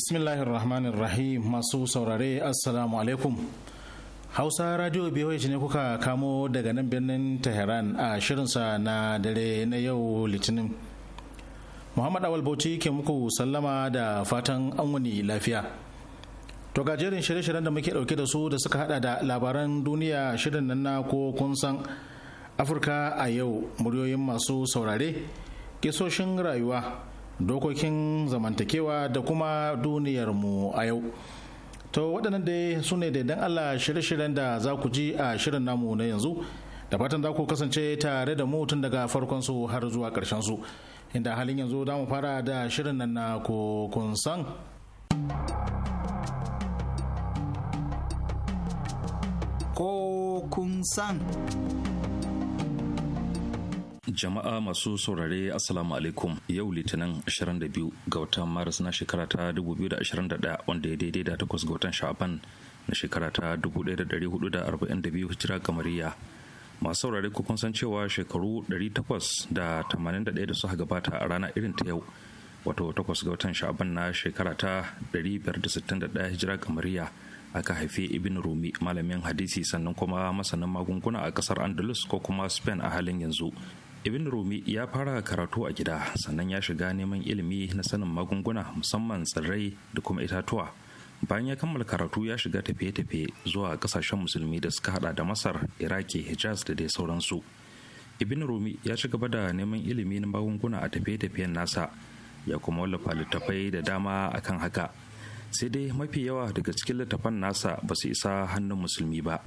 bismillahirrahmanirrahim rahmanirrahim, masu saurare assalamu alaikum hausa radio biyu ne kuka kamo daga nan birnin tehran a shirinsa na dare na yau litinin muhammad awal bauchi ke muku sallama da fatan an wani lafiya to gajerin shirye-shiryen da muke dauke da su da suka hada da labaran duniya shirin nan na ko kun san afirka a yau muryoyin masu saurare kisoshin rayuwa dokokin zamantakewa da kuma duniyarmu a yau to waɗannan dai su ne da allah shirye-shiryen da za ku ji a shirin namu na yanzu da fatan za ku kasance tare da mu tun daga farkon su har zuwa ƙarshen su inda halin yanzu za mu fara da shirin nan na kun san kokun san Jama'a masu saurare Assalamu alaikum yau litinin 22 ga watan Maris na shekara ta 2021 wanda ya daidai da takwas ga watan Sha'aban na shekara ta 1442 hijira kamariya. Masu saurare kun san cewa shekaru 881 da suka gabata a rana irin ta yau wato takwas ga watan Sha'aban na shekara ta 561 hijira kamariya. aka haifi ibn rumi malamin hadisi sannan kuma masanin magunguna a kasar andalus ko kuma spain a halin yanzu ibn rumi ya fara karatu a gida sannan ya shiga neman ilimi na sanin magunguna musamman tsirrai da kuma itatuwa bayan ya kammala karatu ya shiga tafiye-tafiye zuwa kasashen musulmi da suka hada da masar iraki hijaz da dai sauransu ibn rumi ya ci gaba da neman ilimi na magunguna a tafiye-tafiyen nasa ya kuma wallafa littattafai da dama akan haka sai dai mafi yawa daga cikin littafan nasa ba su isa hannun musulmi ba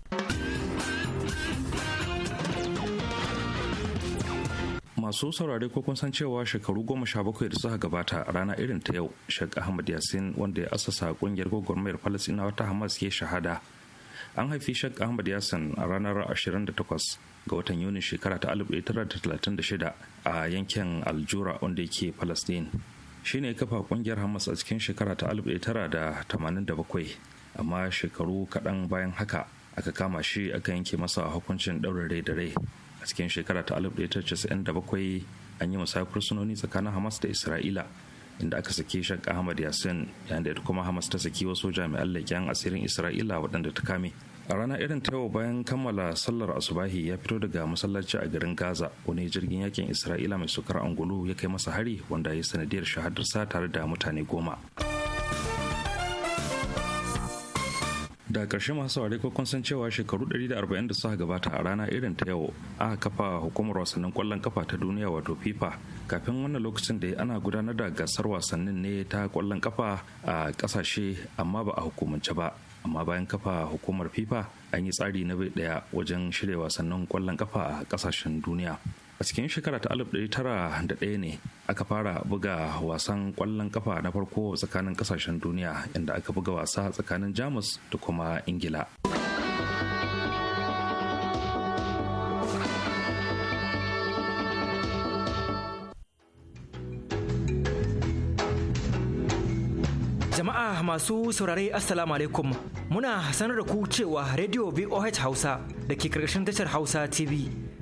masu saurare ko kun san cewa shekaru goma sha bakwai da suka gabata rana irin ta yau shek ahmad yasin wanda ya asasa kungiyar gwagwarmayar falasinawa ta hamas ke shahada an haifi shek ahmad yasin a ranar 28 ga watan yuni shekara ta 1936 a yankin aljura wanda yake falastin shi ne kafa kungiyar hamas a cikin shekara ta 1987 amma shekaru kaɗan bayan haka aka kama shi aka yanke masa hukuncin ɗaurin rai da rai a cikin shekara ta 1997 an yi musayar fursunoni tsakanin hamas da isra'ila inda aka sake shak ahmad yasin yayin da kuma hamas ta saki wasu jami'an leƙen asirin isra'ila waɗanda ta kame a rana irin ta yau bayan kammala sallar asubahi ya fito daga masallaci a garin gaza wani jirgin yakin isra'ila mai sukar angulu ya kai masa hari wanda ya sanadiyar shahadarsa tare da mutane goma da karshe masu saurare ko kun san cewa shekaru 140 da suka gabata a rana irin ta yau aka kafa hukumar wasannin kwallon kafa ta duniya wato fifa kafin wannan lokacin da ana gudanar da gasar wasannin ne ta kwallon kafa a kasashe amma ba a hukumance ba amma bayan kafa hukumar fifa an yi tsari na bai daya wajen shirya wasannin kwallon kafa a ƙasashen duniya a cikin shekara ta alif tara da ɗaya ne aka fara buga wasan ƙwallon kafa na farko tsakanin ƙasashen duniya inda aka buga wasa tsakanin jamus da kuma ingila jama'a masu saurare assalamu alaikum muna sanar da ku cewa radio voh hausa da ke karkashin tashar hausa tv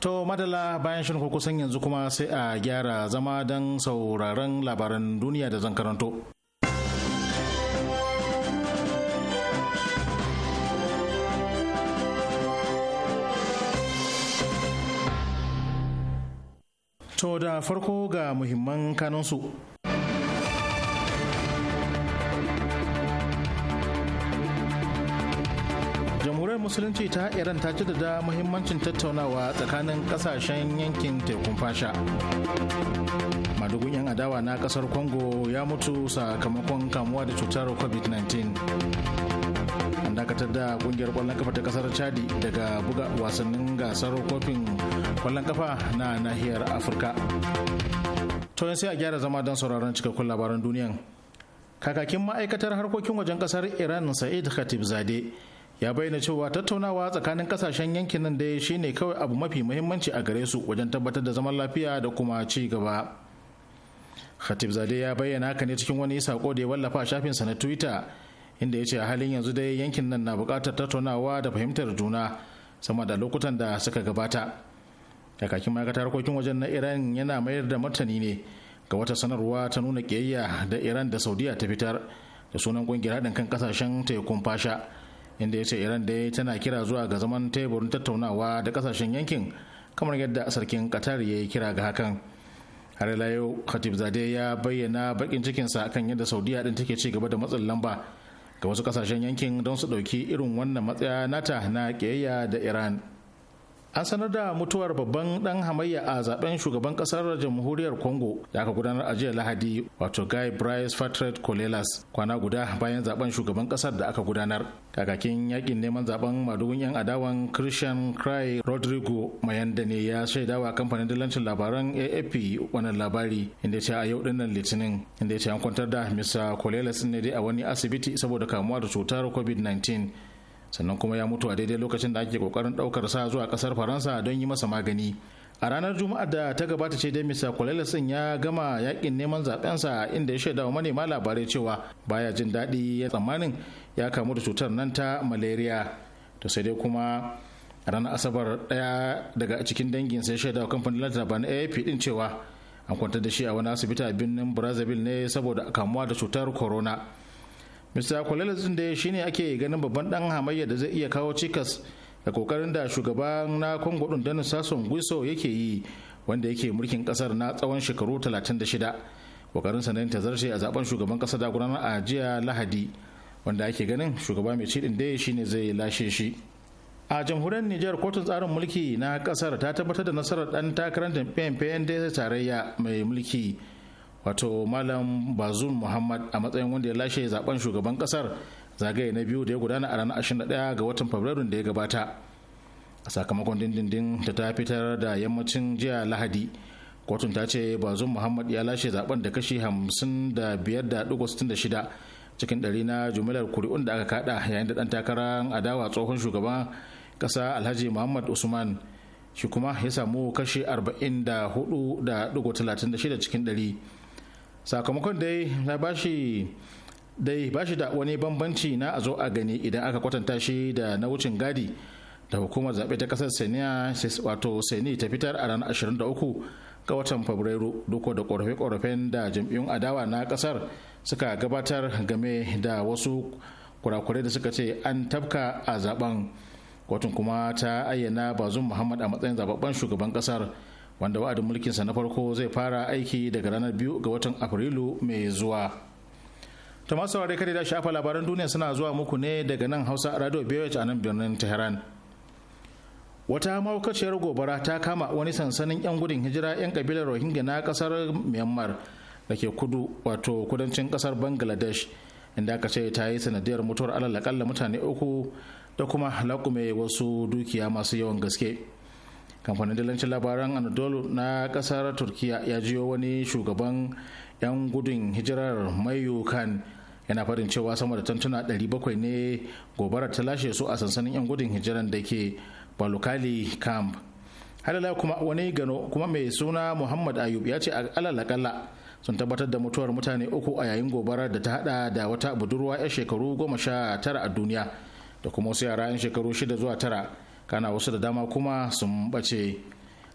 To madala bayan shirin kusan yanzu kuma sai a gyara zama don sauraron labaran duniya da zan karanto. To da farko ga muhimman kanunsu. musulunci ta iran ta da muhimmancin tattaunawa tsakanin kasashen yankin tekun fasha madugun 'yan adawa na kasar congo ya mutu sakamakon kamuwa da cutar covid-19 an dakatar da kungiyar kwallon kafa ta kasar chadi daga buga wasannin gasar kofin kwallon kafa na nahiyar afirka to sai a gyara zama don sauraron cikakkun labaran duniyan kakakin ma'aikatar harkokin wajen kasar iran sa'id khatib zade ya bayyana cewa tattaunawa tsakanin kasashen yankin nan dai shine kawai abu mafi muhimmanci a gare su wajen tabbatar da zaman lafiya da kuma ci gaba khatib zade ya bayyana haka ne cikin wani sako da ya wallafa shafin sa na twitter inda ya ce a halin yanzu dai yankin nan na buƙatar tattaunawa da fahimtar juna sama da lokutan da suka gabata kakakin ma'aikatar harkokin wajen na iran yana mayar da martani ne ga wata sanarwa ta nuna kiyayya da iran da saudiya ta fitar da sunan kungiyar haɗin kan kasashen tekun fasha inda ya ce iran dai tana kira zuwa ga zaman teburin tattaunawa da kasashen yankin kamar yadda sarkin qatar ya yi kira ga hakan har ila yau khatib zade ya bayyana bakin cikinsa kan yadda saudiya din take ci gaba da matsin lamba ga wasu kasashen yankin don su ɗauki irin wannan matsaya nata na kiyayya da iran an sanar da mutuwar babban dan hamayya a zaben shugaban kasar jamhuriyar congo da aka gudanar a jiya lahadi wato guy bryce fatred colelas kwana guda bayan zaben shugaban kasar da aka gudanar kakakin yakin neman zaben madubin yan adawan christian cry rodrigo mayanda ne ya shaidawa kamfanin dalancin labaran afp wannan labari inda ya ce a yau dinnan litinin inda ya ce an kwantar da mr colelas ne dai a wani asibiti saboda kamuwa da cutar covid-19 sannan kuma ya mutu a daidai lokacin da ake kokarin daukar sa zuwa kasar faransa don yi masa magani a ranar juma'a da ta gabata ce dai misa kwalalasin ya gama yakin neman sa inda ya shaida wa manema labarai cewa baya jin daɗi ya tsammanin ya kamu da cutar nan ta malaria to sai dai kuma ranar asabar ɗaya daga cikin dangin sai shaida wa kamfanin lantarki na afp din cewa an kwantar da shi a wani asibiti a birnin brazzaville ne saboda kamuwa da cutar corona mista mr kwalele shi shine ake ganin babban ɗan hamayya da zai iya kawo cikas da kokarin da shugaban na kongo ɗin danin sason guiso yake yi wanda yake mulkin kasar na tsawon shekaru 36 kokarin sanayin tazarce a zaben shugaban kasa da gudanar a jiya lahadi wanda ake ganin shugaba mai cidin dai shine zai lashe shi a jamhuriyar nijar kotun tsarin mulki na ƙasar ta tabbatar da nasarar dan takarar jam'iyyar pnds tarayya mai mulki wato malam bazum muhammad a matsayin wanda ya lashe zaben shugaban kasar zagaye na biyu da ya gudana a ranar 21 ga watan fabrairun da ya gabata a sakamakon dindindin da ta fitar da yammacin jiya lahadi kotun ta ce bazum muhammad ya lashe zaben da kashi 55.66 cikin ɗari na jumilar kuri'un da aka kada yayin da ɗan takarar adawa tsohon shugaban ƙasa alhaji muhammad usman shi kuma ya samu kashi 44.36 cikin ɗari sakamakon dai na bashi dai bashi da wani bambanci na a zo a gani idan aka kwatanta shi da na wucin gadi da hukumar zaɓe ta ƙasar seniya wato seni ta fitar a ranar 23 ga watan fabrairu duk da ƙorafe-ƙorafen da jam'iyyun adawa na ƙasar suka gabatar game da wasu kurakurai da suka ce an tafka a zaben kotun kuma ta ayyana bazum muhammad a matsayin zababben shugaban ƙasar wanda wa'adin mulkinsa na farko zai fara aiki daga ranar biyu ga watan afrilu mai zuwa ta masu saurare kada da shafa labaran duniya suna zuwa muku ne daga nan hausa radio bewage a nan birnin tehran wata mahaukaciyar gobara ta kama wani sansanin 'yan gudun hijira 'yan kabilar rohingya na kasar myanmar da ke kudu wato kudancin kasar bangladesh inda aka ce ta yi sanadiyar mutuwar alalakalla mutane uku da kuma laƙume wasu dukiya masu yawan gaske. kamfanin dalancin labaran anadolu na kasar turkiya ya jiyo wani shugaban 'yan gudun hijirar mayu yana farin cewa sama da tantuna 700 ne gobara ta lashe su a sansanin 'yan gudun hijiran da ke balukali camp halala kuma wani gano kuma mai suna muhammad ayub ya ce alalakala sun tabbatar da mutuwar mutane uku a yayin gobarar da ta hada da wata budurwa 'yar shekaru goma sha tara a duniya da kuma wasu yara 'yan shekaru shida zuwa tara kana wasu da dama kuma sun bace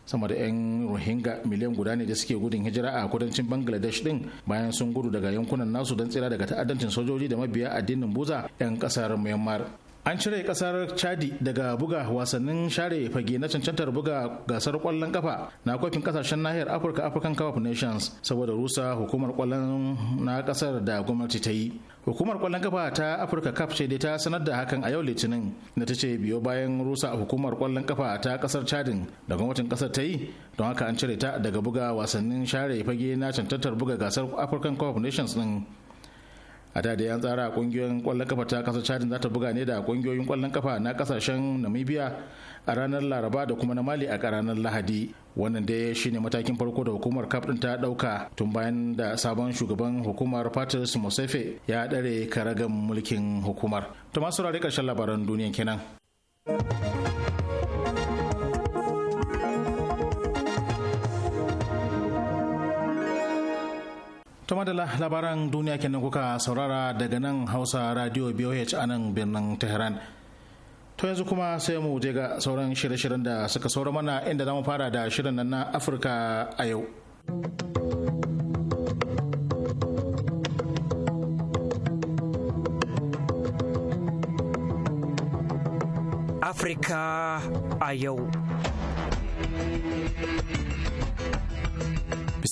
sama da 'yan rohingya miliyan guda ne da suke gudun hijira a kudancin bangladesh din bayan sun gudu daga yankunan nasu don tsira daga ta'addancin sojoji da mabiya addinin buza 'yan kasar myanmar an cire kasar chadi daga buga wasannin share fage na cancantar buga gasar kwallon kafa na kofin kasashen nahiyar afirka african cup nations saboda rusa hukumar kwallon na kasar da gwamnati ta yi hukumar kwallon kafa ta afirka cup ce dai ta sanar da hakan a yau litinin da ta ce biyo bayan rusa hukumar kwallon kafa ta kasar chadin da gwamnatin kasar ta yi don haka an cire ta daga buga wasannin share fage na cancantar buga gasar african cup nations din a da da yan tsara kungiyoyin kwallon kafa ta kasar chadin za ta buga ne da kungiyoyin kwallon kafa na kasashen namibia a ranar laraba da kuma na mali a ranar lahadi wannan dai shine matakin farko da hukumar kaf ta ɗauka tun bayan da sabon shugaban hukumar patrice mosefe ya dare karagan mulkin hukumar to masu saurari karshen labaran duniya kenan tuma da labaran duniya kenan kuka saurara daga nan Hausa Radio BOH a nan birnin Tehran. To yanzu kuma sai mu je ga sauran shirye-shiryen da suka saura mana inda zamu fara da shirin nan na Afirka a yau. Afirka a yau.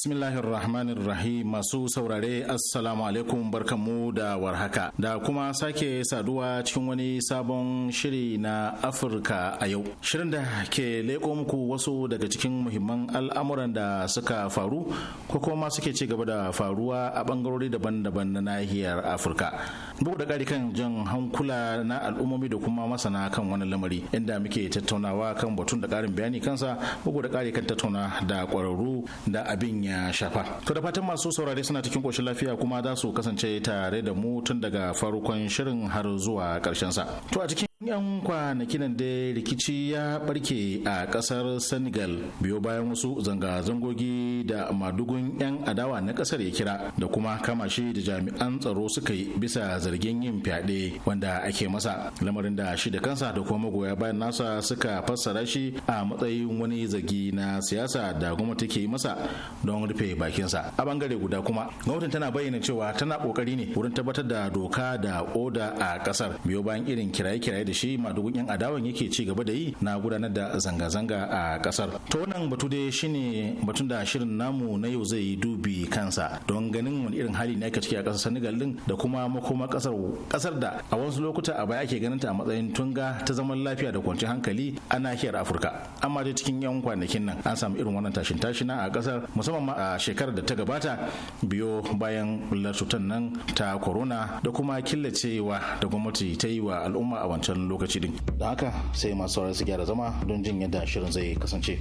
bismillahirrahmanirrahim masu saurare Assalamu alaikum barkanmu da warhaka da kuma sake saduwa cikin wani sabon shiri na Afirka a yau. Shirin da ke leko muku wasu daga cikin muhimman al'amuran da suka faru ko kuma suke ci gaba da faruwa a bangarori daban-daban na nahiyar Afirka. bugu da kari kan jan hankula na al'ummomi da kuma masana kan wani lamari inda muke tattaunawa kan batun da karin bayani kansa bugu da kari kan tattauna da kwararru da abin ya shafa to da fatan masu saurare suna cikin ƙoshin lafiya kuma za su kasance tare da mu tun daga farkon shirin har zuwa ƙarshen sa to a cikin yan kwanakinan da rikici ya barke a kasar senegal biyo bayan wasu zanga-zangogi da madugun yan adawa na kasar ya kira da kuma kama shi da jami'an tsaro suka yi bisa zargin yin fyaɗe wanda ake masa lamarin da shi da kansa da kuma magoya bayan nasa suka fassara shi a matsayin wani zargi na siyasa da gwamnati take yi masa don rufe bakinsa a bangare guda kuma gwamnatin tana bayyana cewa tana kokari ne wurin tabbatar da doka da oda a kasar biyo bayan irin kiraye-kiraye da da shi madugun yan adawan yake ci gaba da yi na gudanar da zanga-zanga a kasar to wannan batu dai shine batun da shirin namu na yau zai yi dubi kansa don ganin wani irin hali ne ake ciki a kasar senegal din da kuma makoma kasar kasar da a wasu lokuta a baya ake ganin ta a matsayin tunga ta zaman lafiya da kwanciyar hankali a nahiyar afirka amma dai cikin yan kwanakin nan an samu irin wannan tashin tashina a kasar musamman ma a shekarar da ta gabata biyo bayan bullar cutar nan ta corona da kuma killacewa da gwamnati ta yi wa al'umma a wancan lokaci din da haka sai masu saurari su gyara zama don jin yadda shirin zai kasance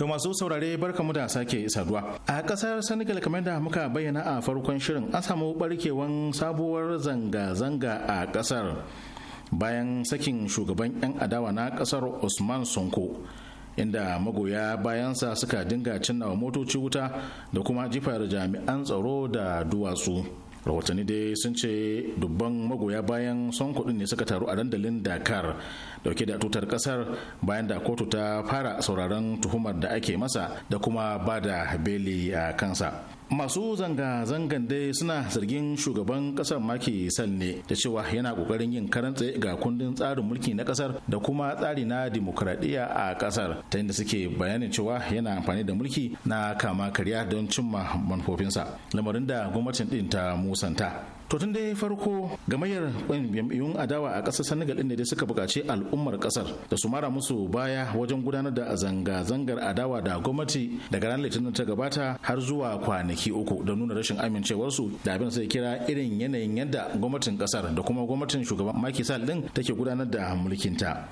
To masu saurare barkamu da sake saduwa. A kasar Senegal kamar da muka bayyana a farkon shirin an samu barkewan sabuwar zanga-zanga a kasar bayan sakin shugaban 'yan adawa na kasar Usman Sonko. inda magoya bayansa suka dinga cinna wa motoci wuta da kuma jifar jami'an tsaro da duwatsu rahotanni dai sun ce dubban magoya bayan son kudin ne suka taru a dandalin dakar dauke da tutar kasar bayan da kotu ta fara sauraron tuhumar da ake masa da kuma ba da beli a kansa masu zanga-zangan dai suna zargin shugaban kasar maki sal ne da cewa yana kokarin yin karan ga kundin tsarin mulki na kasar da kuma tsari na dimokuraɗiyya a kasar ta inda suke bayanin cewa yana amfani da mulki na kama karya don cimma manufofinsa lamarin da gwamnatin din ta musanta to tun dai farko gamayyar jam'iyyun adawa a ƙasar senegal ɗin ne dai suka buƙaci al'ummar ƙasar da su mara musu baya wajen gudanar da zanga-zangar adawa da gwamnati daga ranar litinin ta gabata har zuwa kwanaki uku da nuna rashin amincewarsu da abin sai kira irin yanayin yadda gwamnatin ƙasar da kuma gwamnatin shugaban Macky Sall ɗin take gudanar da mulkin ta.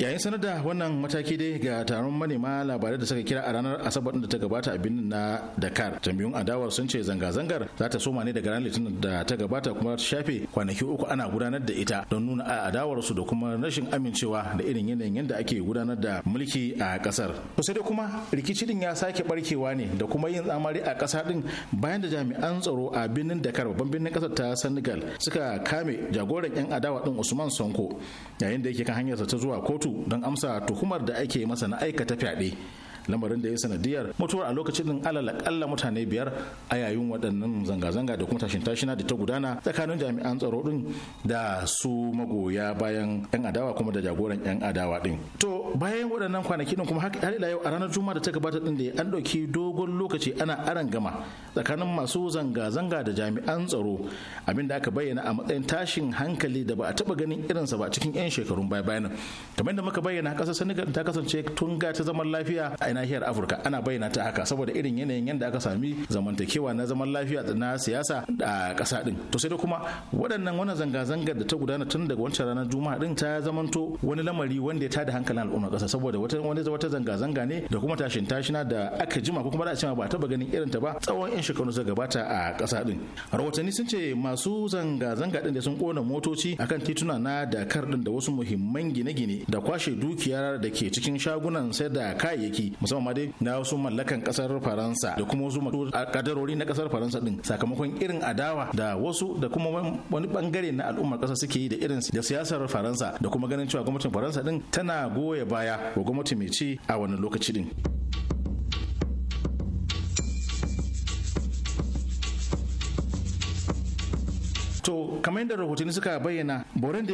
yayin sanar da wannan mataki dai ga taron manema labarai da suka kira a ranar asabar da ta gabata a birnin na dakar jami'un adawar sun ce zanga-zangar za ta soma ne daga ranar litinin da ta gabata kuma ta shafe kwanaki uku ana gudanar da ita don nuna a adawarsu da kuma rashin amincewa da irin yanayin yadda ake gudanar da mulki a kasar kusa dai kuma rikici din ya sake barkewa ne da kuma yin tsamari a kasa din bayan da jami'an tsaro a birnin dakar babban birnin kasar ta senegal suka kame jagoran yan adawa din usman sonko yayin da yake kan hanyarsa ta zuwa kotu don amsa tuhumar da ake masa na aikata fyaɗe lamarin da ya sanadiyar mutuwar a lokacin din alal akalla mutane biyar a yayin waɗannan zanga-zanga da kuma tashin tashina da ta gudana tsakanin jami'an tsaro din da su magoya bayan yan adawa kuma da jagoran yan adawa din to bayan waɗannan kwanaki din kuma har ila yau a ranar juma'a da ta gabata din da an ɗauki dogon lokaci ana aran gama tsakanin masu zanga-zanga da jami'an tsaro abin da aka bayyana a matsayin tashin hankali da ba a taɓa ganin irinsa ba cikin 'yan shekarun baya-bayan kamar da muka bayyana ƙasar senegal ta kasance tun ga ta zaman lafiya a nahiyar afirka ana bayyana ta haka saboda irin yanayin yadda aka sami zamantakewa na zaman lafiya na siyasa a ƙasa din to sai da kuma waɗannan wani zanga-zangar da ta gudana tun daga wancan ranar juma'a din ta zamanto wani lamari wanda ya tada hankalin al'umma ƙasa saboda wata wani wata zanga-zanga ne da kuma tashin tashina da aka jima ko kuma da a cewa ba taba ganin irin ta ba tsawon yan shekaru da gabata a ƙasa din rahotanni sun ce masu zanga-zanga din da sun kona motoci akan tituna na Dakar din da wasu muhimman gine-gine da kwashe dukiyar da ke cikin shagunan sayar da kayayyaki musamman ma dai na wasu mallakan kasar faransa da kuma wasu kadarori na kasar faransa din sakamakon irin adawa da wasu da kuma wani bangare na al'ummar kasa suke yi da irin da siyasar faransa da kuma ganin cewa gwamnatin faransa din tana goya baya wa gwamnati mai ci a wani lokaci din. to kamar yadda rahotanni suka bayyana borin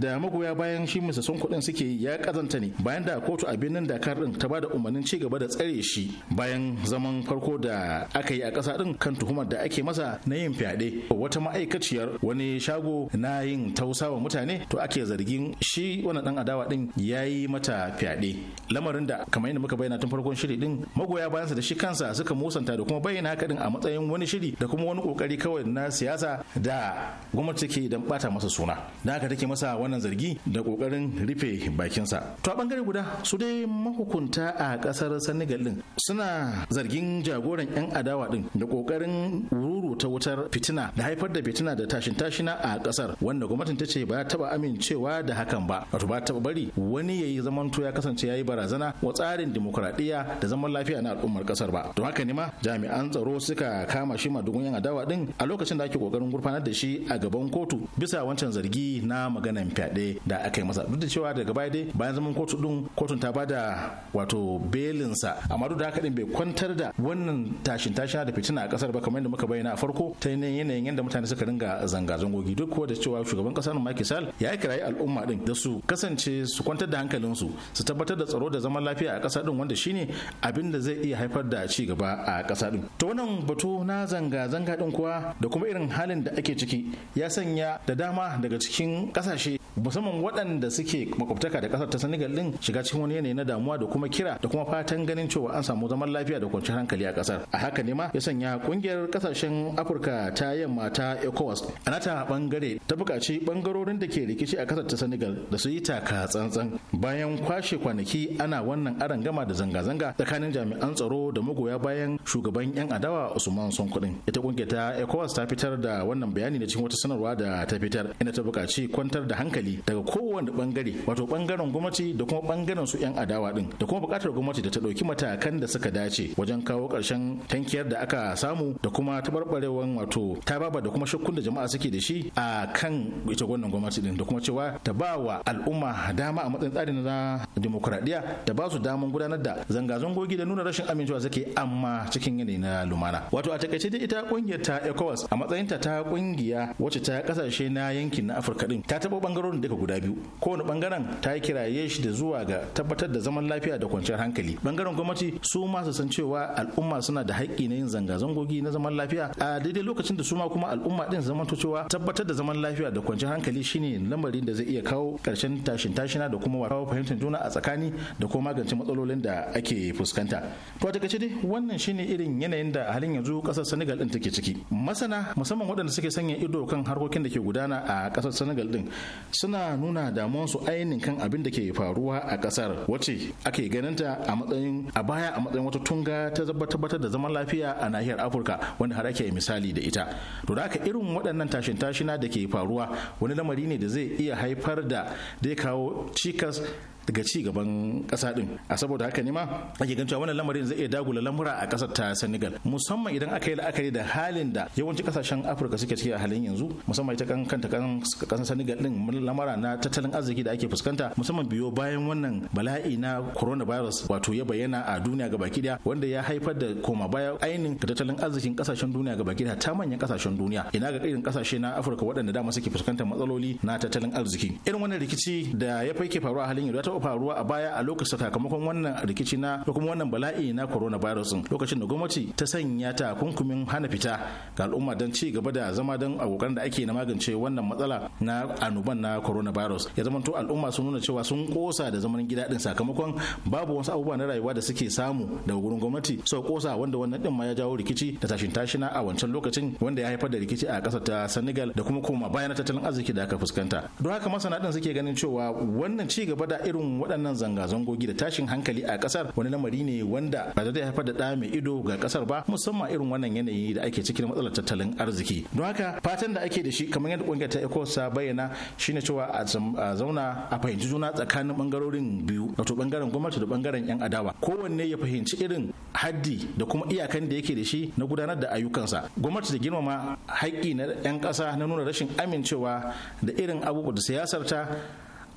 da magoya bayan shi son kuɗin suke ya kazanta ne bayan da kotu a birnin dakar din ta bada umarnin ci gaba da tsare shi bayan zaman farko da aka yi a ƙasa din kan tuhumar da ake masa na yin fyaɗe wata ma'aikaciyar wani shago na yin tausawa mutane to ake zargin shi wannan dan adawa din ya yi mata fyaɗe lamarin da kamar yadda muka bayyana tun farkon shiri din magoya bayansa da shi kansa suka musanta da kuma bayyana haka din a matsayin wani shiri da kuma wani kokari kawai na siyasa da gwamnati take don bata masa suna da haka take masa wannan zargi da kokarin rufe bakinsa to a bangare guda su dai mahukunta a kasar senegal din suna zargin jagoran yan adawa din da kokarin ruru ta wutar fitina da haifar da fitina da tashin tashina a kasar wanda gwamnatin ta ce ba taba amincewa da hakan ba wato ba taba bari wani yayi zamanto ya kasance yayi barazana wa tsarin demokradiya da zaman lafiya na al'ummar kasar ba don haka ne ma jami'an tsaro suka kama shi madugun yan adawa din a lokacin da ake kokarin gurfanar da shi a gaban kotu bisa wancan zargi na maganan fyaɗe da aka yi masa duk da cewa daga baya dai bayan zaman kotu din kotun ta bada wato belinsa amma duk da haka din bai kwantar da wannan tashin tashin da fitina a kasar ba kamar yadda muka bayyana a farko ta yanayin yadda mutane suka dinga zanga-zangogi duk kuwa da cewa shugaban kasar Macky Sall ya kirayi al'umma din da su kasance su kwantar da hankalinsu su tabbatar da tsaro da zaman lafiya a kasa din wanda shine abin da zai iya haifar da ci gaba a kasa din to wannan batu na zanga-zanga din kuwa da kuma irin halin da ake ciki ya sanya da dama daga cikin kasashe musamman waɗanda suke makwabtaka da ƙasar ta Senegal din shiga cikin wani yanayi na damuwa da kuma kira da kuma fatan ganin cewa an samu zaman lafiya da kwanciyar hankali a ƙasar. A haka ne ma ya sanya ƙungiyar ƙasashen Afirka ta yamma ta ECOWAS a nata bangare ta buƙaci bangarorin da ke rikici a ƙasar ta Senegal da su yi taka tsantsan bayan kwashe kwanaki ana wannan aron gama da zanga-zanga tsakanin jami'an tsaro da magoya bayan shugaban 'yan adawa Usman sonkudin Ita ƙungiyar ta ECOWAS ta fitar da wannan bayani cikin wata sanarwa da ta fitar ina ta buƙaci kwantar da hankali daga kowane bangare wato bangaren gwamnati da kuma bangaren su 'yan adawa din da kuma buƙatar gwamnati da ta ɗauki matakan da suka dace wajen kawo ƙarshen tankiyar da aka samu da kuma tabarbarewan wato tababa da kuma shakkun da jama'a suke da shi a kan ita wannan gwamnati din da kuma cewa ta ba wa al'umma dama a matsayin tsarin na dimokuraɗiyya da ba su damar gudanar da zanga-zangogi da nuna rashin amincewa suke amma cikin yanayi na lumana wato a takaice dai ita kungiyar ta ecowas a matsayinta ta kungiya Wace wacce ta kasashe na yankin na afirka din ta taba bangarorin duka guda biyu kowane bangaren ta yi kiraye shi da zuwa ga tabbatar da zaman lafiya da kwanciyar hankali bangaren gwamnati su ma su san cewa al'umma suna da haƙƙi na yin zanga-zangogi na zaman lafiya a daidai lokacin da su ma kuma al'umma din zaman to cewa tabbatar da zaman lafiya da kwanciyar hankali shine lamarin da zai iya kawo ƙarshen tashin tashina da kuma kawo fahimtar juna a tsakani da kuma magance matsalolin da ake fuskanta to a takaice dai wannan shine irin yanayin da halin yanzu ƙasar Senegal din take ciki masana musamman waɗanda suke sanya ido ido kan harkokin da ke gudana a kasar senegal din suna nuna damuwansu ainihin kan abin da ke faruwa a kasar wacce ake ganinta a matsayin a baya a matsayin wata tunga ta tabbatar da zaman lafiya a nahiyar afirka wanda har ake misali da ita to da haka irin waɗannan tashin tashina da ke faruwa wani lamari ne da zai iya haifar da zai kawo cikas ga ci gaban ƙasa din a saboda haka ne ma ake gan wannan lamarin zai iya dagula lamura a ƙasar ta Senegal musamman idan aka yi la'akari da halin da yawancin kasashen Afirka suke ciki a halin yanzu musamman ita kan kanta kan ƙasar Senegal din lamara na tattalin arziki da ake fuskanta musamman biyo bayan wannan bala'i na coronavirus wato ya bayyana a duniya gaba daya wanda ya haifar da koma baya ainihin ga tattalin arzikin kasashen duniya gaba daya ta manyan kasashen duniya ina ga irin kasashe na Afirka waɗanda dama suke fuskantar matsaloli na tattalin arziki irin wannan rikici da ya fai ke faruwa a halin yanzu taɓa faruwa a baya a lokacin sakamakon wannan rikici na ko kuma wannan bala'i na coronavirus lokacin da gwamnati ta sanya ta kunkumin hana fita ga al'umma don ci gaba da zama don abokan da ake na magance wannan matsala na annoban na coronavirus ya zama to al'umma sun nuna cewa sun kosa da zaman gida din sakamakon babu wasu abubuwa na rayuwa da suke samu da wurin gwamnati so kosa wanda wannan din ma ya jawo rikici da tashin tashina a wancan lokacin wanda ya haifar da rikici a kasar ta Senegal da kuma koma bayan tattalin arziki da aka fuskanta don haka masana din suke ganin cewa wannan ci gaba da irin irin waɗannan zanga-zangogi da tashin hankali a ƙasar wani lamari ne wanda ba zai haifar da ɗa mai ido ga ƙasar ba musamman irin wannan yanayi da ake cikin matsalar tattalin arziki don haka fatan da ake da shi kamar yadda ƙungiyar ta eco ta bayyana shine cewa a zauna a fahimci juna tsakanin bangarorin biyu wato bangaren gwamnati da bangaren yan adawa kowanne ya fahimci irin haddi da kuma iyakan da yake da shi na gudanar da ayyukansa gwamnati da girmama haƙƙi na yan ƙasa na nuna rashin amincewa da irin abubuwa da siyasar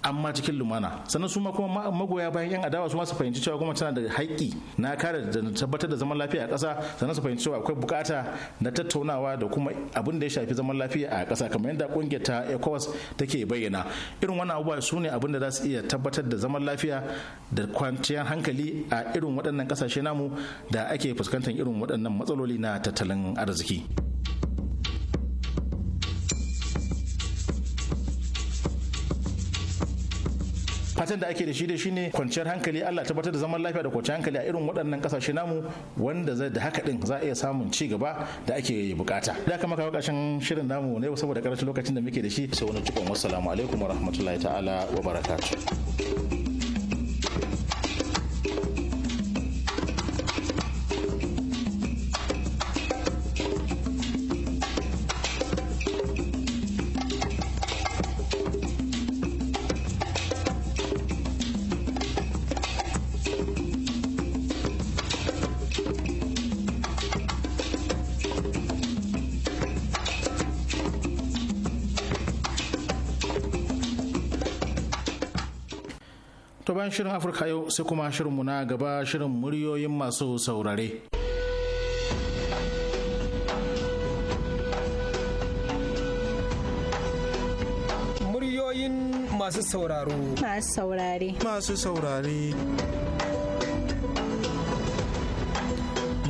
amma cikin lumana sannan su ma kuma magoya bayan yan adawa su ma su fahimci cewa gwamnati tana da haƙƙi na kare da tabbatar da zaman lafiya a ƙasa sannan su fahimci cewa akwai bukata na tattaunawa da kuma abin da ya shafi zaman lafiya a ƙasa kamar yadda kungiyar ta ECOWAS take bayyana irin wannan abubuwa su ne abin da za su iya tabbatar da zaman lafiya da kwanciyar hankali a irin waɗannan ƙasashe namu da ake fuskantar irin waɗannan matsaloli na tattalin arziki. fatan da ake da shi da shi ne kwanciyar hankali Allah tabbatar da zaman lafiya da kwanciyar hankali a irin waɗannan ƙasashe namu wanda da haka din za a iya samun ci gaba da ake bukata da aka maka ƙarshen shirin namu ne saboda karatun lokacin da muke da shi sai wani cikon wassalamu alaikum warahmatullahi ta'ala wa barakatuh bayan shirin Afirka yau sai kuma shirinmu na gaba shirin muryoyin masu saurare. Muryoyin masu sauraro. Masu saurare. Masu saurare.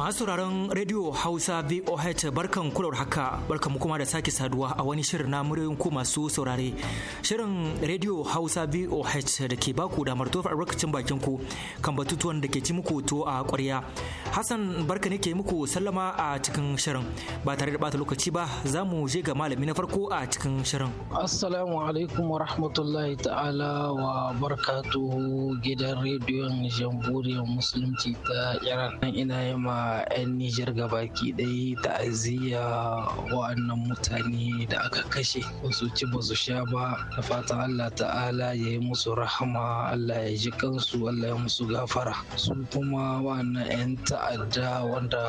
Masu sauraron Radio Hausa VOH barkan kular haka barkan mu kuma da sake saduwa a wani shirin na muryoyin ku masu saurare. Shirin Radio Hausa VOH da ke baku damar a albarkacin bakin ku kan batutuwan da ke ci muku to a ƙwarya. Hassan barka ne ke muku sallama a cikin shirin ba tare da bata lokaci ba za mu je ga malami na farko a cikin shirin. Assalamu alaikum wa rahmatullahi ta'ala wa barkatu gidan rediyon jamhuriyar musulunci ta Iran ina 'yan Nijar gabaki ɗaya ta'aziyya wa'annan mutane da aka kashe ba su ci ba su sha ba da fatan Allah ta'ala ya yi musu rahama Allah ya ji kansu Allah ya musu gafara su kuma wa'annan 'yan ta'adda wanda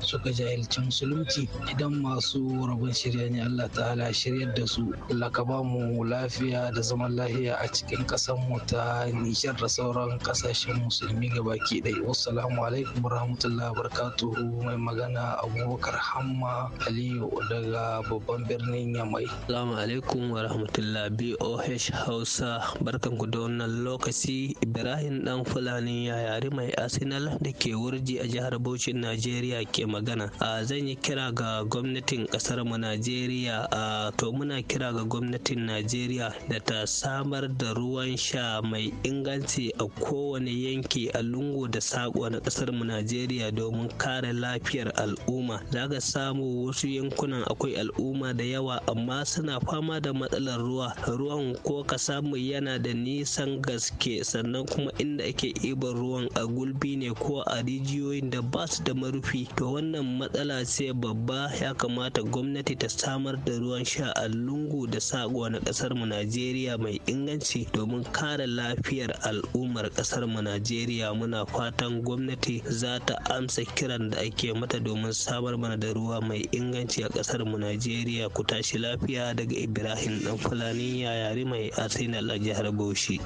suka jahilci musulunci idan masu rabon shirya ne Allah ta'ala shiryar da su Allah ka ba mu lafiya da zaman lafiya a cikin ƙasar mu ta Nijar da sauran ƙasashen musulmi gabaki ɗaya wassalamu alaikum warahmatullahi barakatuhu mai magana abubakar hamma aliyu daga babban birnin yamai salamu alaikum wa rahmatullah boh hausa barkan ku da wannan lokaci ibrahim dan fulani ya yari mai arsenal da ke wurji a jihar bauchi najeriya ke magana a zan yi kira ga gwamnatin kasar mu najeriya a to muna kira ga gwamnatin najeriya da ta samar da ruwan sha mai inganci a kowane yanki a lungu da sako na kasar mu najeriya domin domin kare lafiyar al'umma za ka samu wasu yankunan akwai al'umma da yawa amma suna fama da matsalar ruwa ruwan ko ka samu yana da nisan gaske sannan kuma inda ake ibar ruwan a gulbi ne ko a rijiyoyin da ba su da marufi to wannan matsala ce babba ya kamata gwamnati ta samar da ruwan sha a lungu da sako na kasar mu najeriya mai inganci domin kare lafiyar al'ummar kasar mu najeriya muna fatan gwamnati za ta amsa kiran da ake mata domin samar mana da ruwa mai inganci a ƙasar mu Najeriya ku tashi lafiya daga Ibrahim Dan Fulani yare mai Arsenal a jihar Bauchi.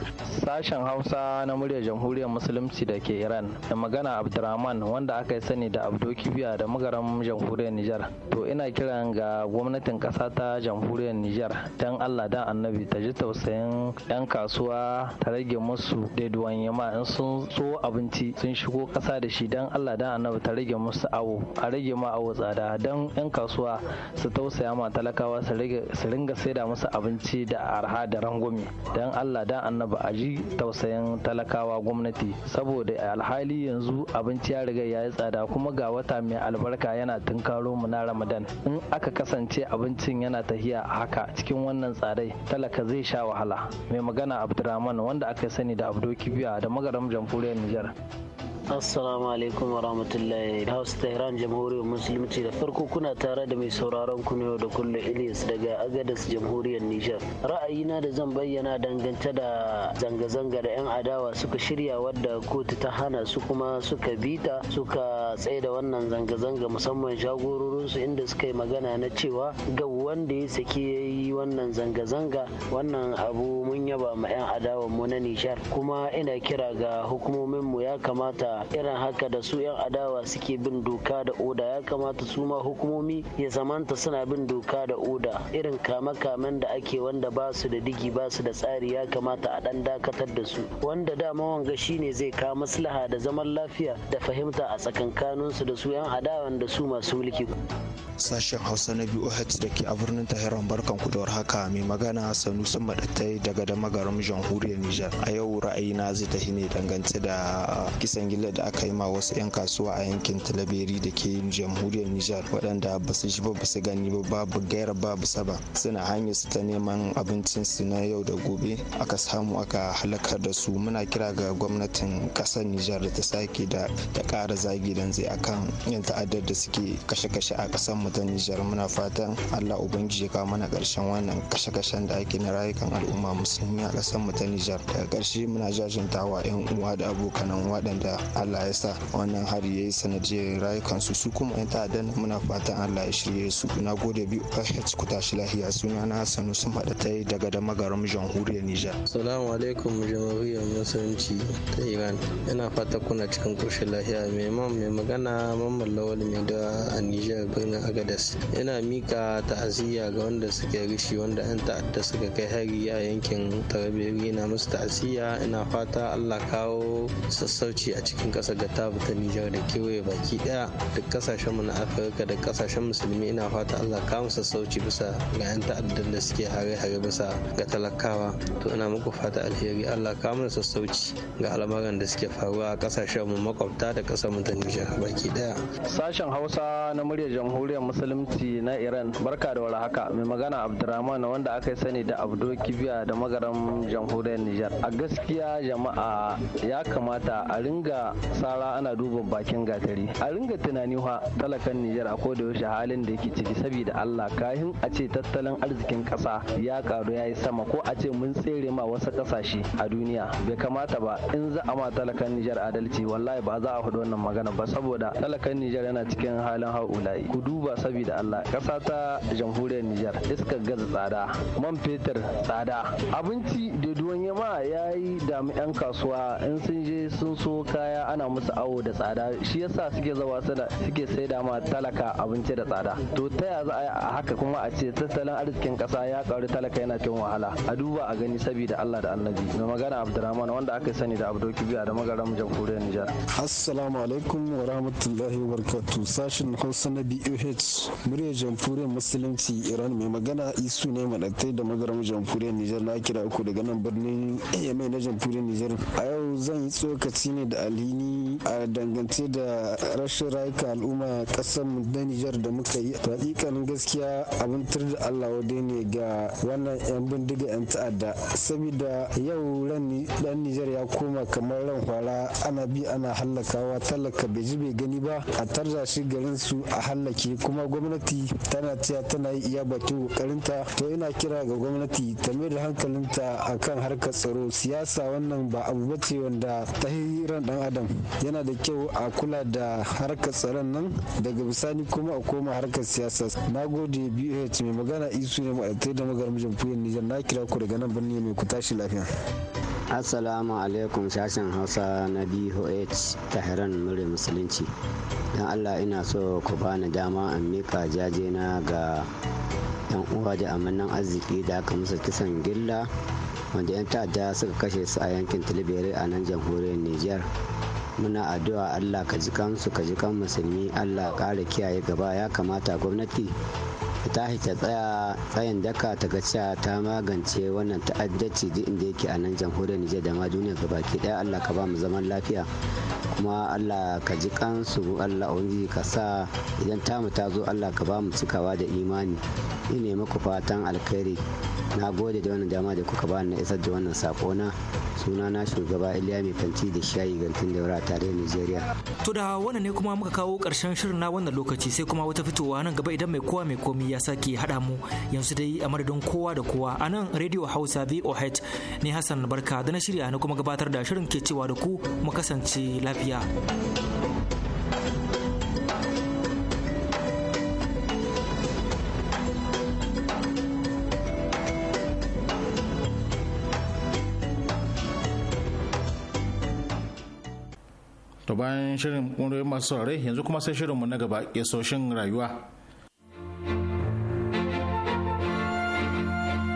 Sashen Hausa na muryar Jamhuriyar Musulunci da ke Iran da magana Abdurrahman wanda aka yi sani da Abdo Kibiya da magaram Jamhuriyar Nijar. To ina kiran ga gwamnatin ƙasa ta Jamhuriyar Nijar dan Allah dan Annabi ta ji tausayin 'yan kasuwa ta rage musu daiduwan yama in sun so abinci sun shigo ƙasa da shi dan Allah dan annabi ta rage musu awo a rage ma awo tsada don 'yan kasuwa su tausaya ma talakawa su ringa saida musu abinci da arha da rangumi don allah don annabi a ji tausayin talakawa gwamnati saboda alhali yanzu abinci ya riga ya yi tsada kuma ga wata mai albarka yana tunkaro mu na ramadan in aka kasance abincin yana tahiya a haka cikin wannan tsadai talaka zai sha wahala mai magana abdurrahman wanda aka sani da abdo kibiya da magaram jamhuriyar nijar assalamu alaikum wa rahmatullahi house tehran jamhuriyar musulunci da farko kuna tare da mai sauraron ku yau da kullum ilyas daga agadas jamhuriyar nijar ra'ayina da zan bayyana dangance da zanga-zanga da 'yan adawa suka shirya wadda kotu ta hana su kuma suka bita suka tsaye da wannan zanga-zanga musamman jagororinsu inda suka yi magana na cewa gawa wanda ya saki ya yi wannan zanga-zanga wannan abu mun yaba ma 'yan adawan mu na nishar kuma ina kira ga hukumomin mu ya kamata irin haka da su 'yan adawa suke bin doka da oda ya kamata su ma hukumomi ya zamanta suna bin doka da oda irin kame-kamen da ake wanda ba su da digi ba su da tsari ya kamata a dan dakatar da su wanda dama wanga shine zai kawo maslaha da zaman lafiya da fahimta a su da su 'yan adawan da su masu mulki. sashen hausa na biyu da ke birnin Tahiran barkan ku da warhaka mai magana Sanusi Madatai daga damagaram jamhuriyar Nijar. A yau ra'ayina zai tafi ne dangance da ah, kisan gilla da aka yi ma wasu 'yan kasuwa a yankin Talaberi da ke jamhuriyar Nijar waɗanda ba su ji ba su gani ba babu gaira babu saba suna hanyar su ta neman abincin su na yau da gobe aka samu aka halakar da su muna kira ga gwamnatin ƙasar Nijar da ta sake da ta ƙara zagi dan zai akan yan ta'addar da suke kashe-kashe a ƙasar mu ta Nijar muna fatan Allah ubangiji ya kawo mana karshen wannan kashe-kashen da ake na rayukan al'umma musulmi a kasar mu ta Nijar daga karshe muna wa yan uwa da abokanan waɗanda Allah ya sa wannan hari yayi sanadiyar rayukan su su kuma yan ta'adda muna fatan Allah ya shirye su na gode bi UH ku tashi lahiya suna na Hassan Usman ta yi daga da magaram jamhuriyar Nijar assalamu alaikum jamhuriyar musulunci ta Iran ina fata kuna cikin koshin lahiya mai mai magana mamman lawal mai da a Nijar birnin Agadas ina mika ta'aziyya ta'aziyya ga wanda suke rishi wanda 'yan ta'adda suka kai hari a yankin tarabiri na musu ta'aziyya ina fata allah kawo sassauci a cikin ƙasar ga tabu ta nijar da kewaye baki ɗaya duk ƙasashenmu na afirka da ƙasashen musulmi ina fata allah kawo sassauci bisa ga 'yan ta'addan da suke hare-hare bisa ga talakawa to ina muku fata alheri allah kawo mana sassauci ga al'amuran da suke faruwa a ƙasashenmu makwabta da mu ta nijar baki ɗaya sashen hausa na muryar jamhuriyar musulunci na iran barka da warware haka mai magana abdurrahman wanda aka yi sani da abdo kibiya da magaran jamhuriyar nijar a gaskiya jama'a ya kamata a ringa sara ana duba bakin gatari a ringa tunani ha talakan nijar a koda yaushe halin da yake ciki saboda allah kahin a ce tattalin arzikin kasa ya karu ya yi sama ko a ce mun tsere ma wasu kasashe a duniya bai kamata ba in za a ma talakan nijar adalci wallahi ba za a hudu wannan magana ba saboda talakan nijar yana cikin halin haula'i ku duba saboda allah kasa ta jamhuriyar Nijar iskar gas tsada man fetur tsada abinci da duwan yama ya yi yan kasuwa in sun je sun so kaya ana musu awo da tsada shi yasa suke zawa suke sai da ma talaka abinci da tsada to ta ya za a haka kuma a ce tattalin arzikin kasa ya karu talaka yana cikin wahala a duba a gani saboda Allah da Annabi mai magana Abdurrahman wanda aka sani da Abdul Kibiya da magaram jamhuriyar Nijar Assalamu alaikum wa rahmatullahi wa barakatuh sashin Hausa na BOH muryar jamhuriyar Musulun musulunci iran mai magana isu ne madattai da magaram jamhuriyar nijar na kira uku daga nan birnin yamai na jamhuriyar nijar a yau zan yi tsokaci ne da alhini a dangance da rashin rayuka al'umma kasar mu da nijar da muka yi hakikanin gaskiya abin da allah wadai ne ga wannan yan bindiga yan ta'adda saboda yau ran dan nijar ya koma kamar ran kwara ana bi ana hallakawa talaka bai ji bai gani ba a tarza shi garin su a hallake kuma gwamnati tana cewa tana tana yi iya batu kokarinta to ina kira ga gwamnati ta mai da hankalinta akan harkar tsaro siyasa wannan ba abu ba ce wanda ta hiran dan adam yana da kyau a kula da harkar tsaron nan daga bisani kuma a koma harkar siyasa na gode bih mai magana isu ne ma'aikatai da mijin fuyin nijar na kira ku daga nan birni mai ku tashi lafiya assalamu alaikum sashen hausa na boh tahiran mure musulunci don allah ina so ku bani dama an mika na ga yan uwa da amannan arziki da aka musu kisan gilla wanda 'yan ta'adda suka kashe su a yankin tilibiri a nan jamhuriyar niger muna addu'a allah ka ji kansu ka ji kan musulmi allah kare kiyaye gaba ya kamata gwamnati ta ta tsaya tsayin daka ta ga cewa ta magance wannan ta'addaci duk inda yake a nan jamhuriyar Nijar da ma duniya baki daya Allah ka ba mu zaman lafiya kuma Allah ka ji kansu Allah wani ka sa idan tamu ta zo Allah ka ba mu cikawa da imani ni ne muku fatan alkhairi na gode da wannan dama da kuka ba na isar da wannan sako na suna na shugaba Iliya mai fanti da shayi gantin wura tare Nijeriya to da wannan ne kuma muka kawo karshen shirin na wannan lokaci sai kuma wata fitowa nan gaba idan mai kowa mai komi ya ya sake haɗa mu yanzu dai a madadin kowa da kowa a nan Radio Hausa VOH ne Hassan Barka da na shirya na kuma gabatar da shirin ke cewa da ku mu kasance lafiya. To bayan shirin masu saurari yanzu kuma sai shirinmu na gaba ke soshin rayuwa.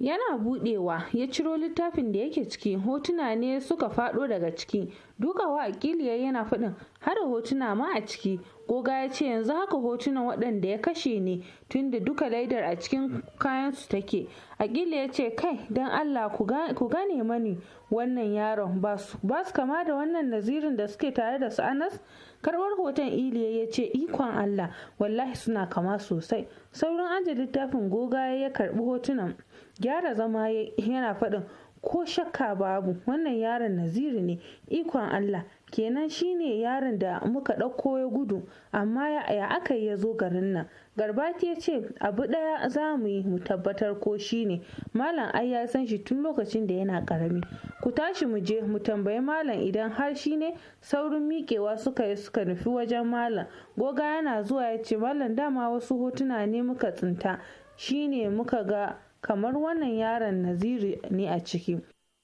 yana budewa ya ciro littafin da yake ciki hotuna ne suka fado daga ciki dukawa a kiliya yana faɗin har hotuna ma a ciki goga ya ce yanzu haka hotunan waɗanda ya kashe ne tunda duka laidar a cikin kayansu take akili ya ce kai don allah ku gane mani wannan yaron ba su kama da wannan nazirin da suke tare da su anas karbar hoton iliya ya ce ikon allah wallahi suna kama sosai saurin aje littafin goga ya karbi hotunan gyara zama yana faɗin ko shakka babu wannan yaron naziri ne ikon Allah kenan shine yaron da muka ɗauko ya gudu amma ya aka ya zo garin nan garbati ya ce abu ɗaya za mu yi mu tabbatar ko shine malam ai ya san shi tun lokacin da yana ƙarami ku tashi mu je mu tambayi malam idan har shi ne saurin miƙewa suka yi suka nufi wajen malam goga yana zuwa ya ce malam dama wasu hotuna ne muka tsinta shine muka ga kamar wannan yaron naziri ne a ciki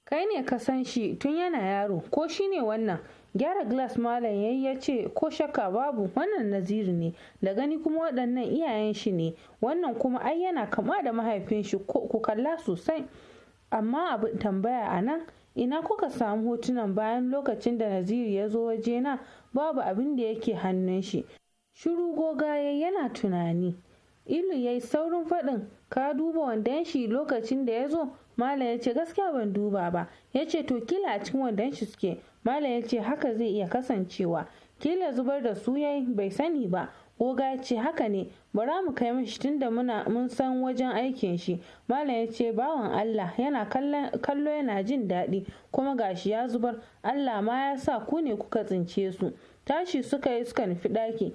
kai ne ka san shi tun yana yaro ko shi ne wannan gyara glass malam yayi ya ce ko shakka babu wannan naziri ne da gani kuma waɗannan iyayen shi ne wannan kuma ai yana kama da mahaifin shi ku kalla sosai amma abin tambaya a nan ina kuka samu hotunan bayan lokacin da naziri ya zo wajena babu abin da yake hannun shi shiru gogaye yana tunani ilu ya yi saurin faɗin ka duba wandon shi lokacin da ya zo malam ya ce gaskiya ban duba ba ya ce to kila a cikin wandan shi suke malam ya ce haka zai iya kasancewa kila zubar da su yayi bai sani ba goga ya ce haka ne bara mu kai mashi tunda muna mun san wajen aikin shi malam ya ce bawan allah yana kallo yana jin daɗi kuma gashi ya zubar allah ma ya sa ku ne kuka tsince su tashi suka yi suka nufi ɗaki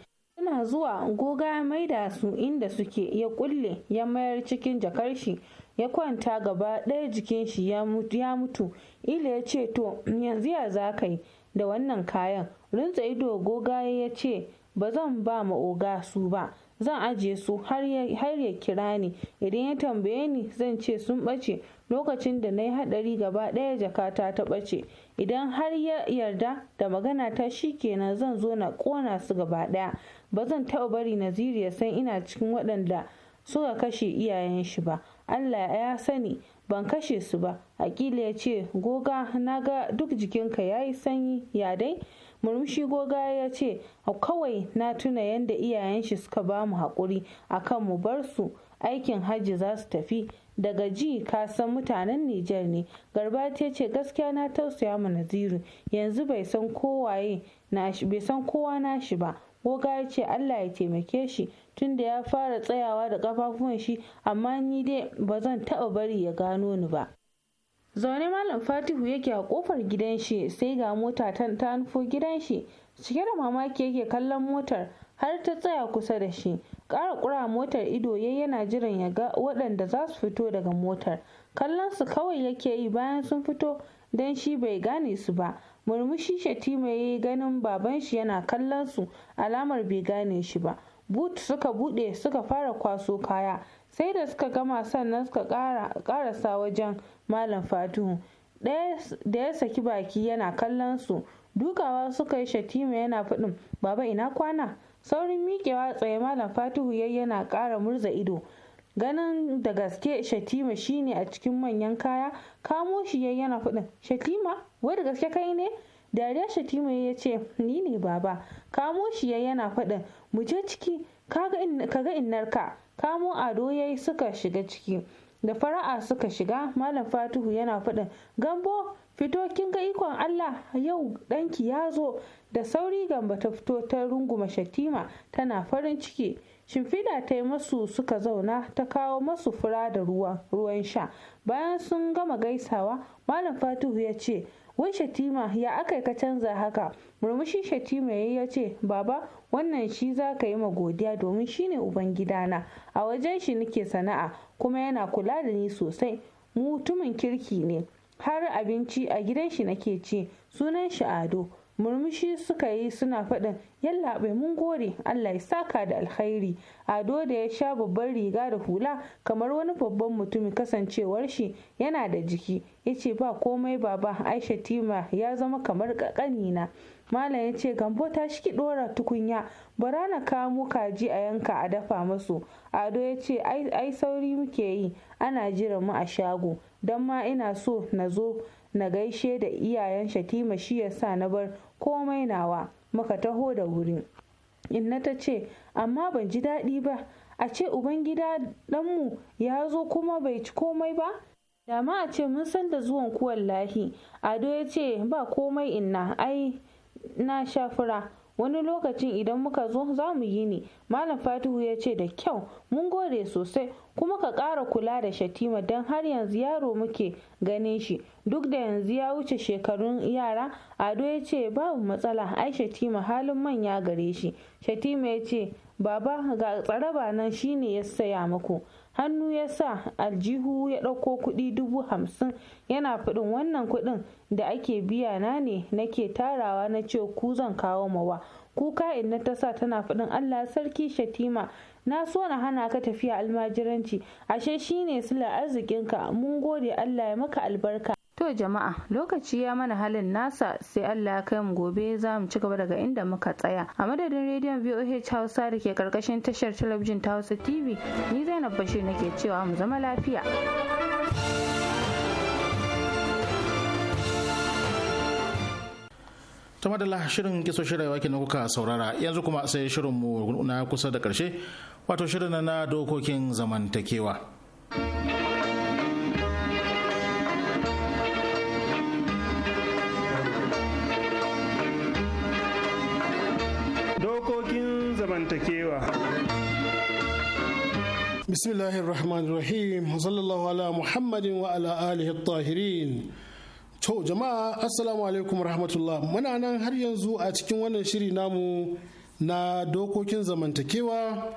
yana zuwa goga mai da su inda suke ya kulle ya mayar cikin jakar shi ya kwanta gaba ɗaya jikin shi ya mutu ila ya ce to yanzu ya za ka yi da wannan kayan rintsa ido goga ya ce ba zan ba ma oga su ba zan ajiye su har ya kira ni idan ya tambaye ni zan ce sun ɓace lokacin da na yi haɗari gaba ɗaya jakata ta ɓace idan har ya yarda da magana ta shi kenan zan zo na kona su gaba daya ba zan taɓa bari naziru ya san ina cikin waɗanda suka kashe iyayen shi ba allah ya sani ban kashe su ba akila ya ce goga na ga duk jikinka ya yi sanyi ya dai murmushi goga ya ce kawai na tuna yadda iyayen shi suka ba mu haƙuri akan mu bar su aikin hajji za su tafi daga ji ka san mutanen Nijar ne garba ta ce gaskiya na tausaya ma naziru yanzu bai san kowaye bai san kowa nashi ba goga ya ce Allah ya taimake shi tunda ya fara tsayawa da kafafuwan shi amma ni dai ba zan taba bari ya gano ni ba zaune malam fatihu yake a kofar gidan shi sai ga mota ta nufo gidan shi cike da mamaki yake kallon motar har ta tsaya kusa da shi ƙara ƙura motar ido yayi yana jiran ya ga waɗanda za su fito daga motar kallon su kawai yake yi bayan sun fito don shi bai gane su ba murmushi shatima ya yi ganin baban shi yana kallon su alamar bai gane shi ba but suka buɗe suka fara kwaso kaya sai da suka gama sannan suka ƙarasa wajen malam fatihu ɗaya da ya saki baki yana kallon su dukawa suka yi shatima yana faɗin baba ina kwana saurin miƙewa tsaye malam fatihu yayi yana ƙara murza ido ganin da gaske shatima shine a cikin manyan kaya kamo shi yayi yana faɗin shatima wai da gaske kai ne dariya shatima ya ce ni ne baba kamo shi yayi yana faɗin mu je ciki kaga innarka kamo ado yayi suka shiga ciki da fara'a suka shiga malam fatihu yana faɗin gambo fito kin ga ikon Allah yau ɗanki ya zo da sauri gamba ta fito ta runguma shatima tana farin ciki shimfida ta yi masu suka zauna ta kawo masu fura da ruwan sha bayan sun gama gaisawa malam fatihu ya ce wai shatima ya aka ka canza haka murmushi shatima ya ya ce baba wannan shi za ka yi ma godiya domin ne ubangidana a wajen shi nake sana'a kuma yana kula da ni sosai mutumin kirki ne har abinci a gidan shi nake ci sunan shi ado murmushi suka yi suna faɗin yallaɓe mun gode allah ya saka da alkhairi ado da ya sha babban riga da hula kamar wani babban mutumi kasancewar shi yana da jiki ya ce ba komai baba aisha tima ya zama kamar ƙanina malam ya ce gambo ta shi ɗora tukunya bara na kamo kaji a yanka a dafa masu ado ya ce ai sauri muke yi ana jiran mu a shago don ma ina so na zo na gaishe da iyayen shatima shi ya sa na bar komai nawa muka taho da wuri inna ta ce amma ban ji daɗi ba a ce ubangida ɗanmu ya zo kuma bai ci komai ba da ma a ce mun san da zuwan ku ado ya ce ba komai inna ai na sha wani lokacin idan muka zo za mu yi ne malam fatihu ya ce da kyau mun gode sosai kuma ka ƙara kula da shatima don har yanzu yaro muke ganin shi duk da yanzu ya wuce shekarun yara ado ya ce babu matsala ai shatima halin manya gare shi shatima ya ce baba ga tsaraba nan shine ya saya muku hannu ya sa aljihu ya ɗauko kuɗi dubu hamsin yana faɗin wannan kuɗin da ake biya na ne nake tarawa na ce ku zan kawo mawa kuka inna ta sa tana faɗin allah sarki shatima na so na hana ka tafiya almajiranci ashe shine sila arzikinka mun gode allah ya maka albarka To jama'a lokaci ya mana halin nasa sai Allah ya kai mu gobe za mu ci gaba daga inda muka tsaya. A madadin rediyon VOH Hausa da ke karkashin tashar talabijin ta Hausa TV ni Zainab Bashir nake cewa mu zama lafiya. ta madalla shirin kiso shirin wake na kuka saurara yanzu kuma sai shirin mu na kusa da karshe wato shirin na dokokin zamantakewa. zamantakewa bismillahir rahmanir rahim sallallahu ala muhammadin wa ala alihi tahirin to jama'a assalamu alaikum rahmatullah muna nan har yanzu a cikin wannan shiri namu na dokokin zamantakewa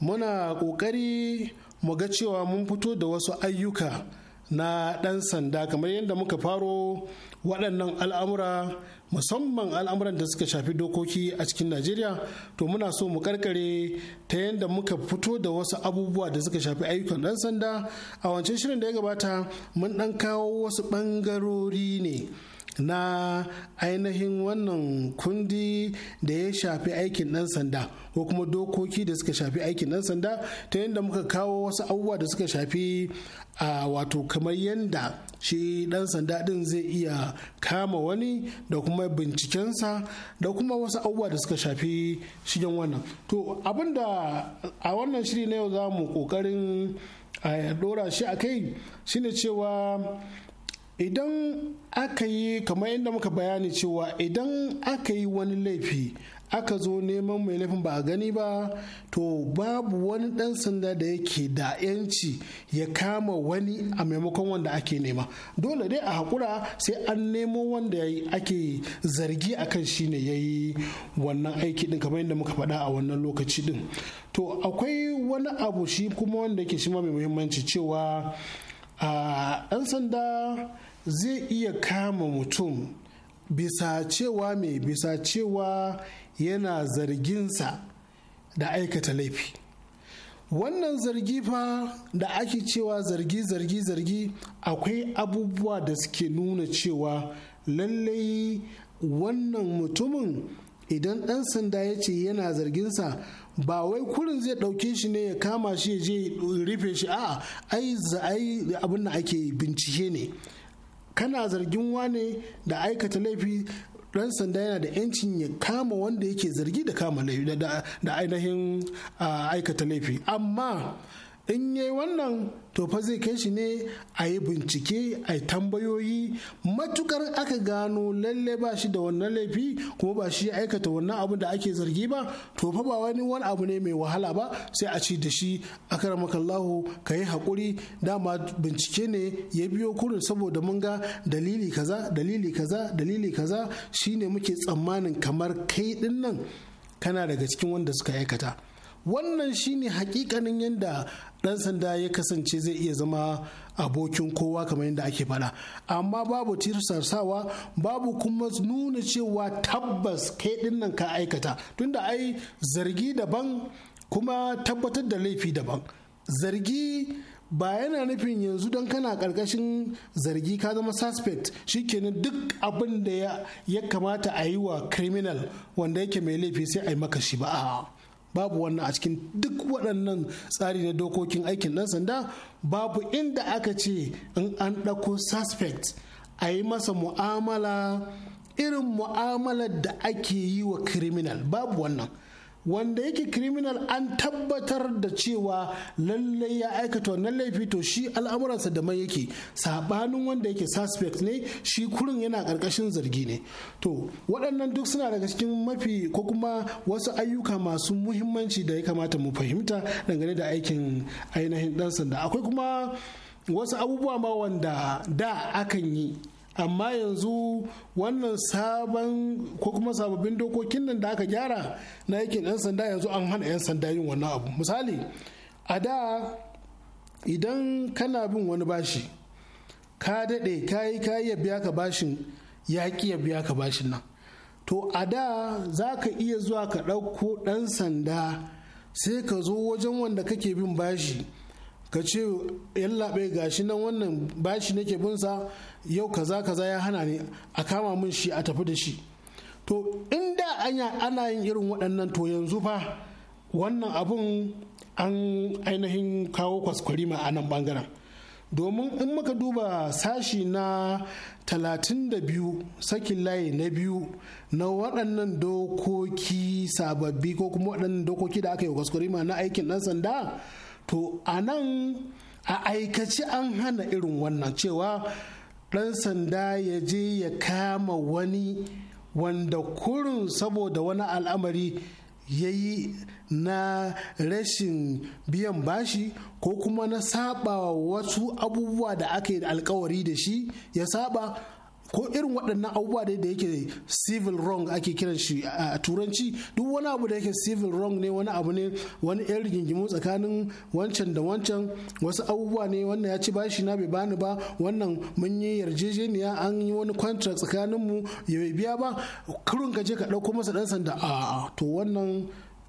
muna kokari mu ga cewa mun fito da wasu ayyuka na ɗan sanda kamar yadda muka faro waɗannan al'amura musamman al'amuran da suka shafi dokoki a cikin najeriya to muna so mu karkare ta yadda muka fito da wasu abubuwa da suka shafi ayyukan ɗan sanda a wancan shirin da ya gabata mun ɗan kawo wasu ɓangarori ne na ainihin wannan kundi da ya shafi aikin ɗan sanda ko kuma dokoki da suka shafi aikin ɗan sanda ta yadda muka kawo wasu abubuwa da suka shafi a wato kamar yadda shi ɗan sanda ɗin zai iya kama wani da kuma bincikensa da kuma wasu abubuwa da suka shafi shigen wannan to abinda a wannan shiri na yau za mu ƙoƙarin a dora shi a kai shine cewa idan aka yi kamar yadda muka bayani cewa idan aka yi wani laifi aka zo neman mai laifin ba a gani ba to babu wani dan sanda da yake da yanci ya kama wani a maimakon wanda ake nema dole dai a hakura sai an nemo wanda ake zargi a kan shi ne ya yi wannan aiki din kamar yadda muka faɗa a wannan lokaci din to akwai wani abu shi kuma wanda yake shi ma mai muhimmanci cewa a ah, ɗan sanda zai iya kama mutum bisa cewa mai bisa cewa yana zarginsa da aikata laifi wannan zargi fa da ake cewa zargi zargi zargi akwai abubuwa da suke nuna cewa lallai wannan mutumin idan ɗan sanda ya ce yana zarginsa ba wai kurin zai ɗauke shi ne ya kama shi ya je rufe shi a ai abin da ake bincike ne kana zargin wane da aikata laifi ɗan sanda yana da yancin ya kama wanda yake zargi da kama laifi da ainihin aikata laifi amma in yi wannan to fa zai kai shi ne a yi bincike a yi tambayoyi matukar aka gano lalle ba shi da wannan laifi kuma ba shi ya aikata wannan abu da ake zargi ba to fa ba wani wani abu ne mai wahala ba sai a ci da shi akaramakallahu ka yi haƙuri dama bincike ne ya biyo kurin saboda mun ga dalili kaza dalili kaza dalili kaza shine muke tsammanin kamar kai din nan kana daga cikin wanda suka aikata wannan shine hakikanin yadda dan sanda ya kasance zai iya zama abokin kowa kamar yadda ake fada amma babu tirsarsawa babu kuma nuna cewa tabbas kai dinnan ka aikata tunda ai zargi daban kuma tabbatar da laifi daban zargi ba yana nufin yanzu don kana karkashin zargi ka zama suspect shikenan duk abin da ya kamata a yi wa criminal wanda yake mai laifi sai a yi maka shi ba a babu wannan a cikin duk waɗannan tsari na dokokin aikin ɗan sanda babu inda aka ce in an ɗauko suspect a yi masa mu'amala irin mu'amalar da ake yi wa criminal babu wannan wanda yake criminal an tabbatar da cewa lallai ya aikata wannan laifi to shi al'amuransa da mai yake sabanin wanda yake suspect ne shi kurin yana karkashin zargi ne to waɗannan duk suna daga cikin mafi ko kuma wasu ayyuka masu muhimmanci da ya kamata mu fahimta dangane da aikin ainihin ɗan sanda akwai kuma wasu abubuwa ma wanda da akan yi amma yanzu wannan sabon ko kuma sababbin dokokin nan da aka gyara na aikin 'yan sanda yanzu an hana 'yan sanda yin wannan abu misali a da idan kana bin wani bashi ka daɗe kayi yi ya biya ka bashin ya ya biya ka bashin nan to a da za ka iya zuwa ka ɗauko ɗan sanda sai ka zo wajen wanda kake bin bashi ka ce yallaɓe shi nan wannan bashi nake binsa yau kaza kaza ya hana ni a kama min shi a tafi da shi to inda ana yin irin waɗannan to yanzu fa wannan abun an ainihin kawo kwaskwarima a nan bangaren domin in muka duba sashi na 32 sakin layi na biyu na waɗannan dokoki sababbi ko kuma waɗannan dokoki da aka yi kwaskwarima na aikin ɗan sanda to a nan a aikaci an hana irin wannan cewa ɗan sanda ya je ya kama wani wanda kurin saboda wani al'amari ya yi na rashin biyan bashi ko kuma na saba wasu abubuwa da aka yi alkawari da shi ya saba ko irin waɗannan abubuwa da yake civil wrong ake kiran shi a turanci duk wani abu da yake civil wrong ne wani abu ne wani yan rigingimu tsakanin wancan da wancan wasu abubuwa ne wannan ya ci bashi na bai bani ba wannan mun yi yarjejeniya an yi wani contract tsakanin mu ya bai biya ba kurun ka je ka ɗauko masa ɗan sanda a to wannan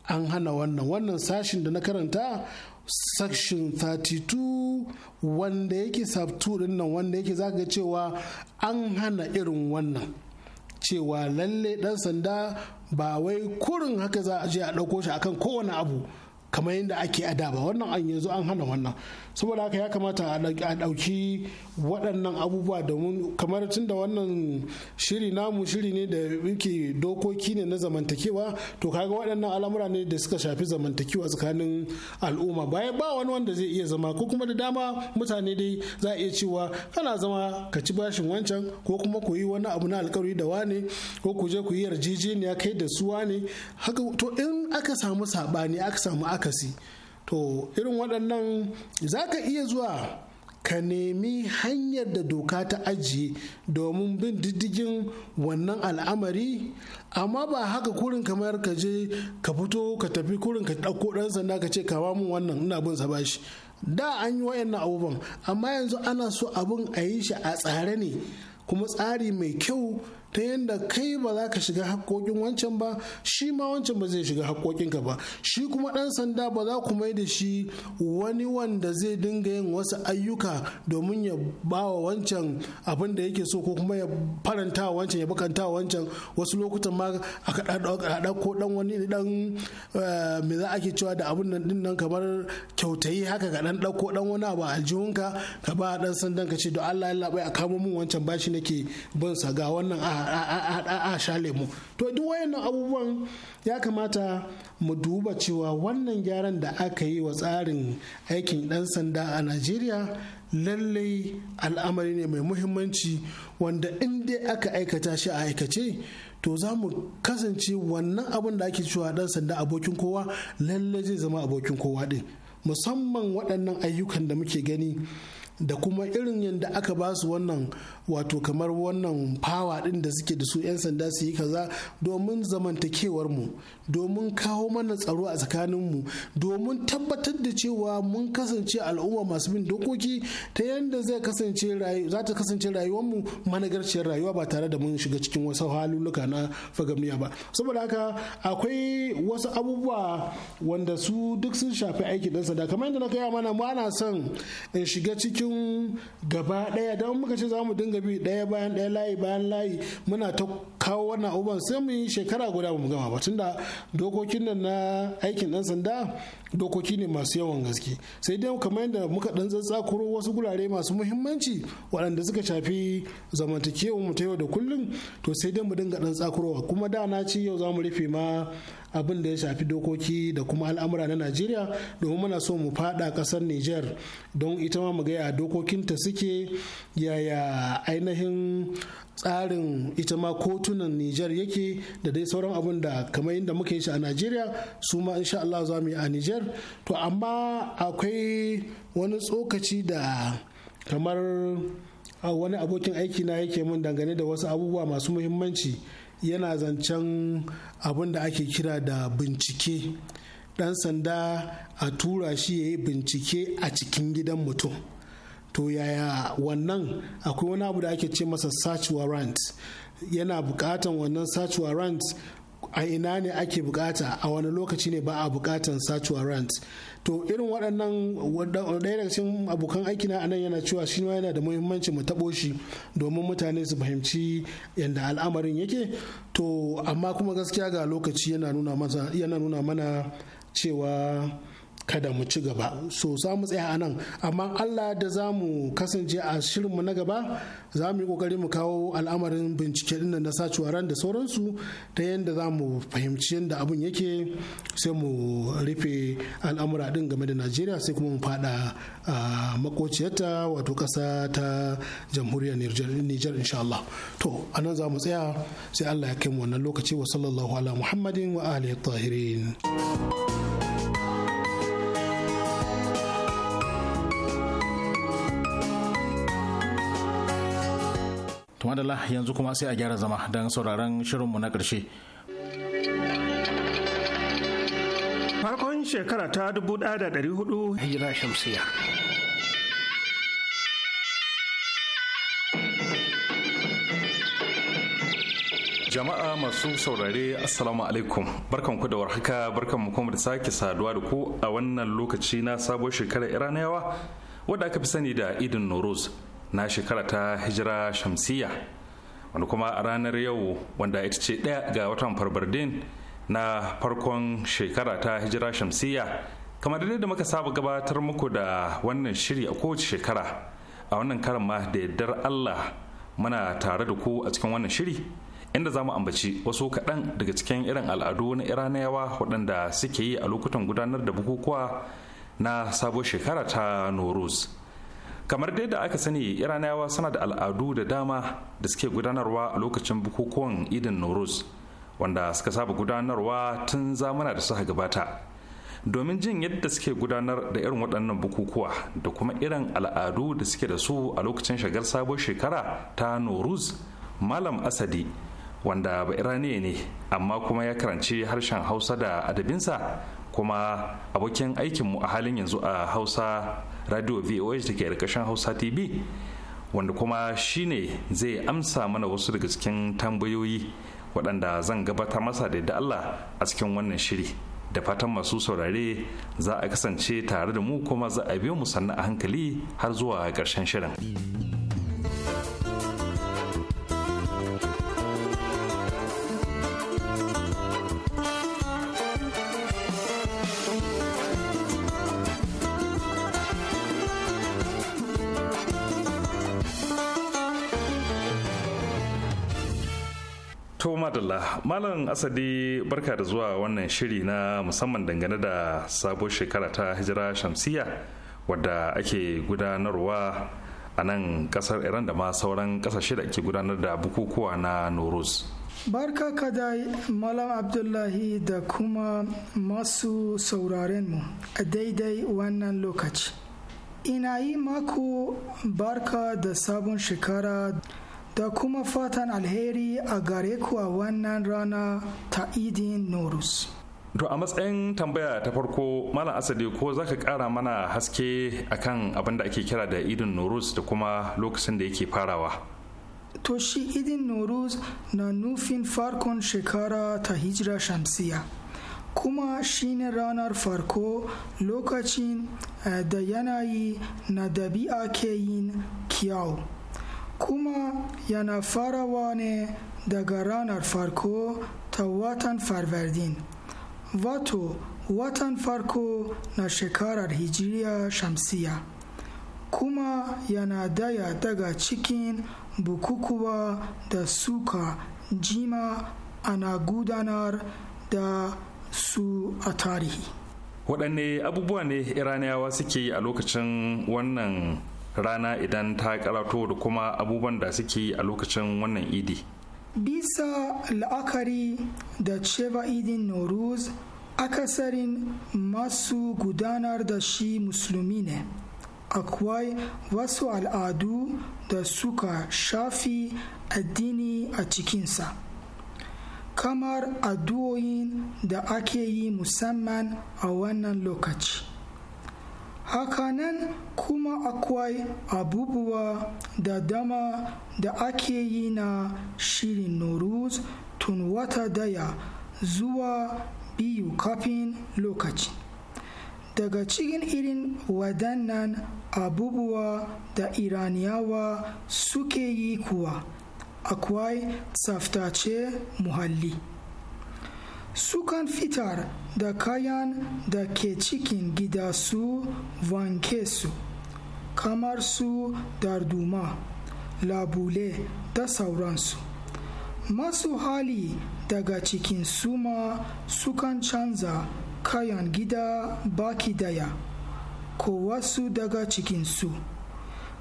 an hana wannan wannan sashin da na karanta section 32 wanda yake sub 2 din nan wanda yake zaka cewa an hana irin wannan cewa lalle dan sanda ba wai kurin haka za a je a ɗauko shi akan kowane abu kamar yadda ake a da ba wannan an yanzu an hana wannan saboda haka ya kamata a ɗauki waɗannan abubuwa domin kamar tun da wannan shiri namu shiri ne da yake dokoki ne na zamantakewa to kaga waɗannan al'amura ne da suka shafi zamantakewa tsakanin al'umma baya ba wani wanda zai iya zama ko kuma da dama mutane dai za a iya cewa kana zama ka ci bashin wancan ko kuma ku yi wani abu na alkawari da wane ko ku je ku yi yarjejeniya kai da su wane haka to in aka samu saɓani aka samu akasi to irin waɗannan za ka iya zuwa ka nemi hanyar da doka ta ajiye domin bin diddigin wannan al'amari amma ba haka kurin kamar ka je ka fito ka tafi kurin ka ɗauko ɗan sanda ka ce kawo mun wannan ina bin sa bashi da an yi wayan abubuwan amma yanzu ana so abin a yi shi a tsare ne kuma tsari mai kyau ta yadda kai ba za ka shiga haƙoƙin wancan ba shi ma wancan ba zai shiga haƙoƙinka ba shi kuma ɗan sanda ba za ku mai da shi wani wanda zai dinga yin wasu ayyuka domin ya bawa wancan abin da yake so ko kuma ya faranta wancan ya bakanta wancan wasu lokutan ma aka ɗaɗa ko ɗan wani ɗan eh, me za ake cewa da abin nan ɗin kamar kyautayi haka ka ɗan ɗauko ɗan wani abu a aljihunka ka ba ɗan sandan ka ce don Allah ya labai a kamo min wancan bashi nake bin sa ga wannan a a sha lemu to duk wayannan abubuwan ya kamata mu duba cewa wannan gyaran da aka yi wa tsarin aikin dan sanda a najeriya lallai al'amari ne mai muhimmanci wanda in dai aka aikata shi a aikace to za mu kasance wannan abin da ake cewa dan sanda abokin kowa lallai zai zama abokin kowa ɗin musamman waɗannan ayyukan da muke gani da kuma irin yadda aka ba su wannan wato kamar wannan fawa din da suke da su 'yan sanda su yi kaza domin zamantakewar mu domin kawo mana tsaro a tsakanin mu domin tabbatar da cewa mun kasance al'umma masu bin dokoki ta yadda zai kasance za ta kasance rayuwar mu managarciyar rayuwa ba tare da mun shiga cikin wasu haluluka na fagamiya ba saboda haka akwai wasu abubuwa wanda su duk sun shafi aiki dan sanda kamar yadda na kai mana mu ana son in shiga cikin su gaba ɗaya don muka ce za mu dinga bi ɗaya bayan ɗaya layi bayan layi muna ta kawo wannan abubuwan sai mu yi shekara guda mu gama ba tunda dokokin nan na aikin ɗan sanda dokoki ne masu yawan gaske sai dai kamar yadda muka ɗan tsatsakuro wasu gurare masu muhimmanci waɗanda suka shafi zamantakewa mu ta yau da kullum to sai dai mu dinga ɗan tsakurowa kuma da na ci yau za mu rufe ma abin da ya shafi dokoki da kuma al'amura na najeriya domin muna so mu fada kasar niger don ita ma mu gaya dokokinta suke yaya ainihin tsarin ita ma kotunan niger yake da dai sauran abin da kamar yadda muka yi shi a najeriya su ma insha Allah za mu yi a niger to amma akwai wani tsokaci da kamar wani abokin aiki na yake mun dangane da wasu abubuwa masu muhimmanci yana zancen abin da ake kira da bincike ɗan sanda a tura shi ya yi bincike a cikin gidan mutum to yaya wannan akwai wani abu da ake ce masa search warrant yana bukatan wannan search warrant a ina ne ake buƙata a wani lokaci ne ba a bukatan search warrant to irin waɗannan ɗaya daga abokan aiki na anan yana cewa shi ma yana da muhimmanci mu taɓo shi domin mutane su fahimci yadda al'amarin yake to amma kuma gaskiya ga lokaci yana nuna mana cewa kada mu ci gaba so za mu tsaya a nan amma allah da za mu kasance a shirinmu na gaba za mu yi kokari mu kawo al'amarin bincike din na sacewa ran da sauransu ta yadda za mu fahimci yadda abin yake sai mu rufe al'amura din game da najeriya sai kuma mu fada a makociyarta wato kasa ta jamhuriyar niger insha allah to a nan za mu tsaya sai allah ya kai mu wannan lokaci wa sallallahu ala muhammadin wa alihi tahirin to madalla yanzu kuma sai a gyara zama don sauraron shirinmu na ƙarshe farkon shekara ta 1400 hijira shamsiya Jama'a masu saurare Assalamu alaikum barkanku da warhaka barkanmu kuma da sake saduwa da ku a wannan lokaci na sabuwar shekarar Iraniyawa wadda aka fi sani da Idin Noruz na shekara ta hijira shamsiya wanda kuma a ranar yau wanda ita ce ɗaya ga watan farbardin na farkon shekara ta hijira shamsiya kamar da muka saba gabatar muku da wannan shiri a kowace shekara a wannan karan ma da yardar allah muna tare da ku a cikin wannan shiri inda za mu ambaci wasu kaɗan daga cikin irin al'adu na iraniyawa waɗanda suke yi a lokutan gudanar da bukukuwa na sabuwar shekara ta noruz kamar dai da aka sani iranayawa suna da al'adu da dama da suke gudanarwa a lokacin bukukuwan idin noruz wanda suka saba gudanarwa tun zamana da suka gabata domin jin yadda suke gudanar da irin waɗannan bukukuwa da kuma irin al'adu da suke da su a lokacin shagar sabon shekara ta noruz malam asadi wanda ba iraniya ne amma kuma ya karanci harshen hausa da adabinsa kuma abokin aikinmu a halin yanzu a hausa radio voa da ke ƙarƙashin hausa tv wanda kuma shi ne zai amsa mana wasu daga cikin tambayoyi waɗanda zan gabatar masa da yadda allah a cikin wannan shiri da fatan masu saurare za a kasance tare da mu kuma za a biyo mu sannan a hankali har zuwa ƙarshen shirin. madalla malam asadi barka da zuwa wannan shiri na musamman dangane da sabuwar shekara ta hijira shamsiya wadda ake gudanarwa a nan kasar iran da ma sauran kasashe da ake gudanar da bukukuwa na noruz barka ka da malam abdullahi da kuma masu sauraren mu a daidai wannan lokaci ina yi mako barka da sabon shekara da kuma fatan alheri a gare ku a wannan rana ta idin norus to a matsayin tambaya ta farko malam asali ko za ka kara mana haske akan abin da ake kira da idin norus da kuma lokacin da yake farawa to shi idin norus na nufin farkon shekara ta hijira shamsiya kuma shine ranar farko lokacin eh, da yanayi na dabi'a ke yin kyau kuma yana farawa ne daga ranar farko ta watan farverdin wato watan farko na shekarar hijiriya shamsiya kuma yana daya daga cikin bukukuwa da suka jima ana gudanar da su a tarihi waɗanne abubuwa ne iraniyawa suke yi a lokacin wannan rana idan ta karato da kuma abubuwan da suke a lokacin wannan idi bisa la'akari da cewa idin noruz akasarin masu gudanar da shi musulmi ne akwai wasu al'adu da suka shafi addini a cikinsa kamar addu'o'in da ake yi musamman a wannan lokaci hakanan kuma akwai abubuwa da dama da ake yi na shirin noruz tun wata daya zuwa biyu kafin lokaci daga cikin irin wadannan abubuwa da iraniyawa suke yi kuwa akwai tsaftace muhalli sukan fitar da kayan da ke cikin gida su wanke su kamar su darduma labule da sauransu masu hali daga cikin suma sukan canza kayan gida baki daya ko wasu daga cikin su,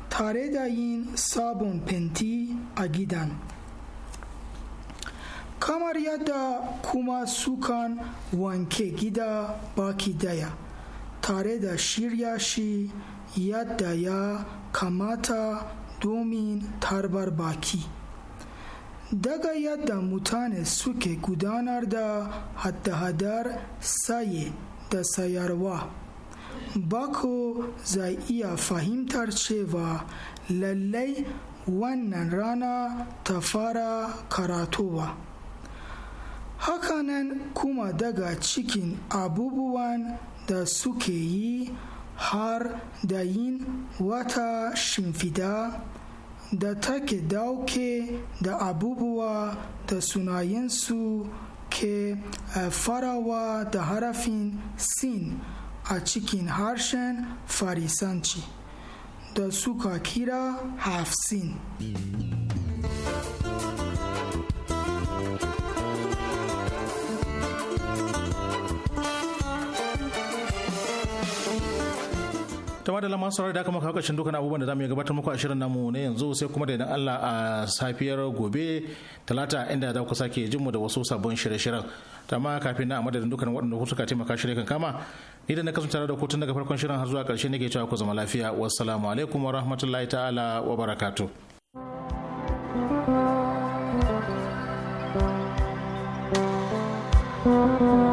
tare da yin sabon fenti a gidan kamar yadda kuma sukan wanke gida baki daya tare da shirya shi yadda ya kamata domin tarbar baki daga yadda mutane suke gudanar da hada-hadar saye da sayarwa bako zai iya fahimtar cewa lallai wannan rana ta fara karatowa hakanan kuma daga cikin abubuwan da suke yi har da yin wata shimfida da take dauke da abubuwa da sunayensu ke eh, farawa da harafin sin a cikin harshen farisanci da suka kira hafsin. ta da lamar saurari da aka maka kakashin dukkan abubuwan da zamu gabatar muku a shirin namu na yanzu sai kuma da idan Allah a safiyar gobe talata inda za ku sake jin mu da wasu sabon shirye-shiryen ta ma kafin na a madadin dukkan waɗanda ku suka taimaka shirye kan kama ni da na kasance tare da ku tun daga farkon shirin har zuwa ƙarshe nake cewa ku zama lafiya wassalamu alaikum wa rahmatullahi ta'ala wa barakatuh Thank you.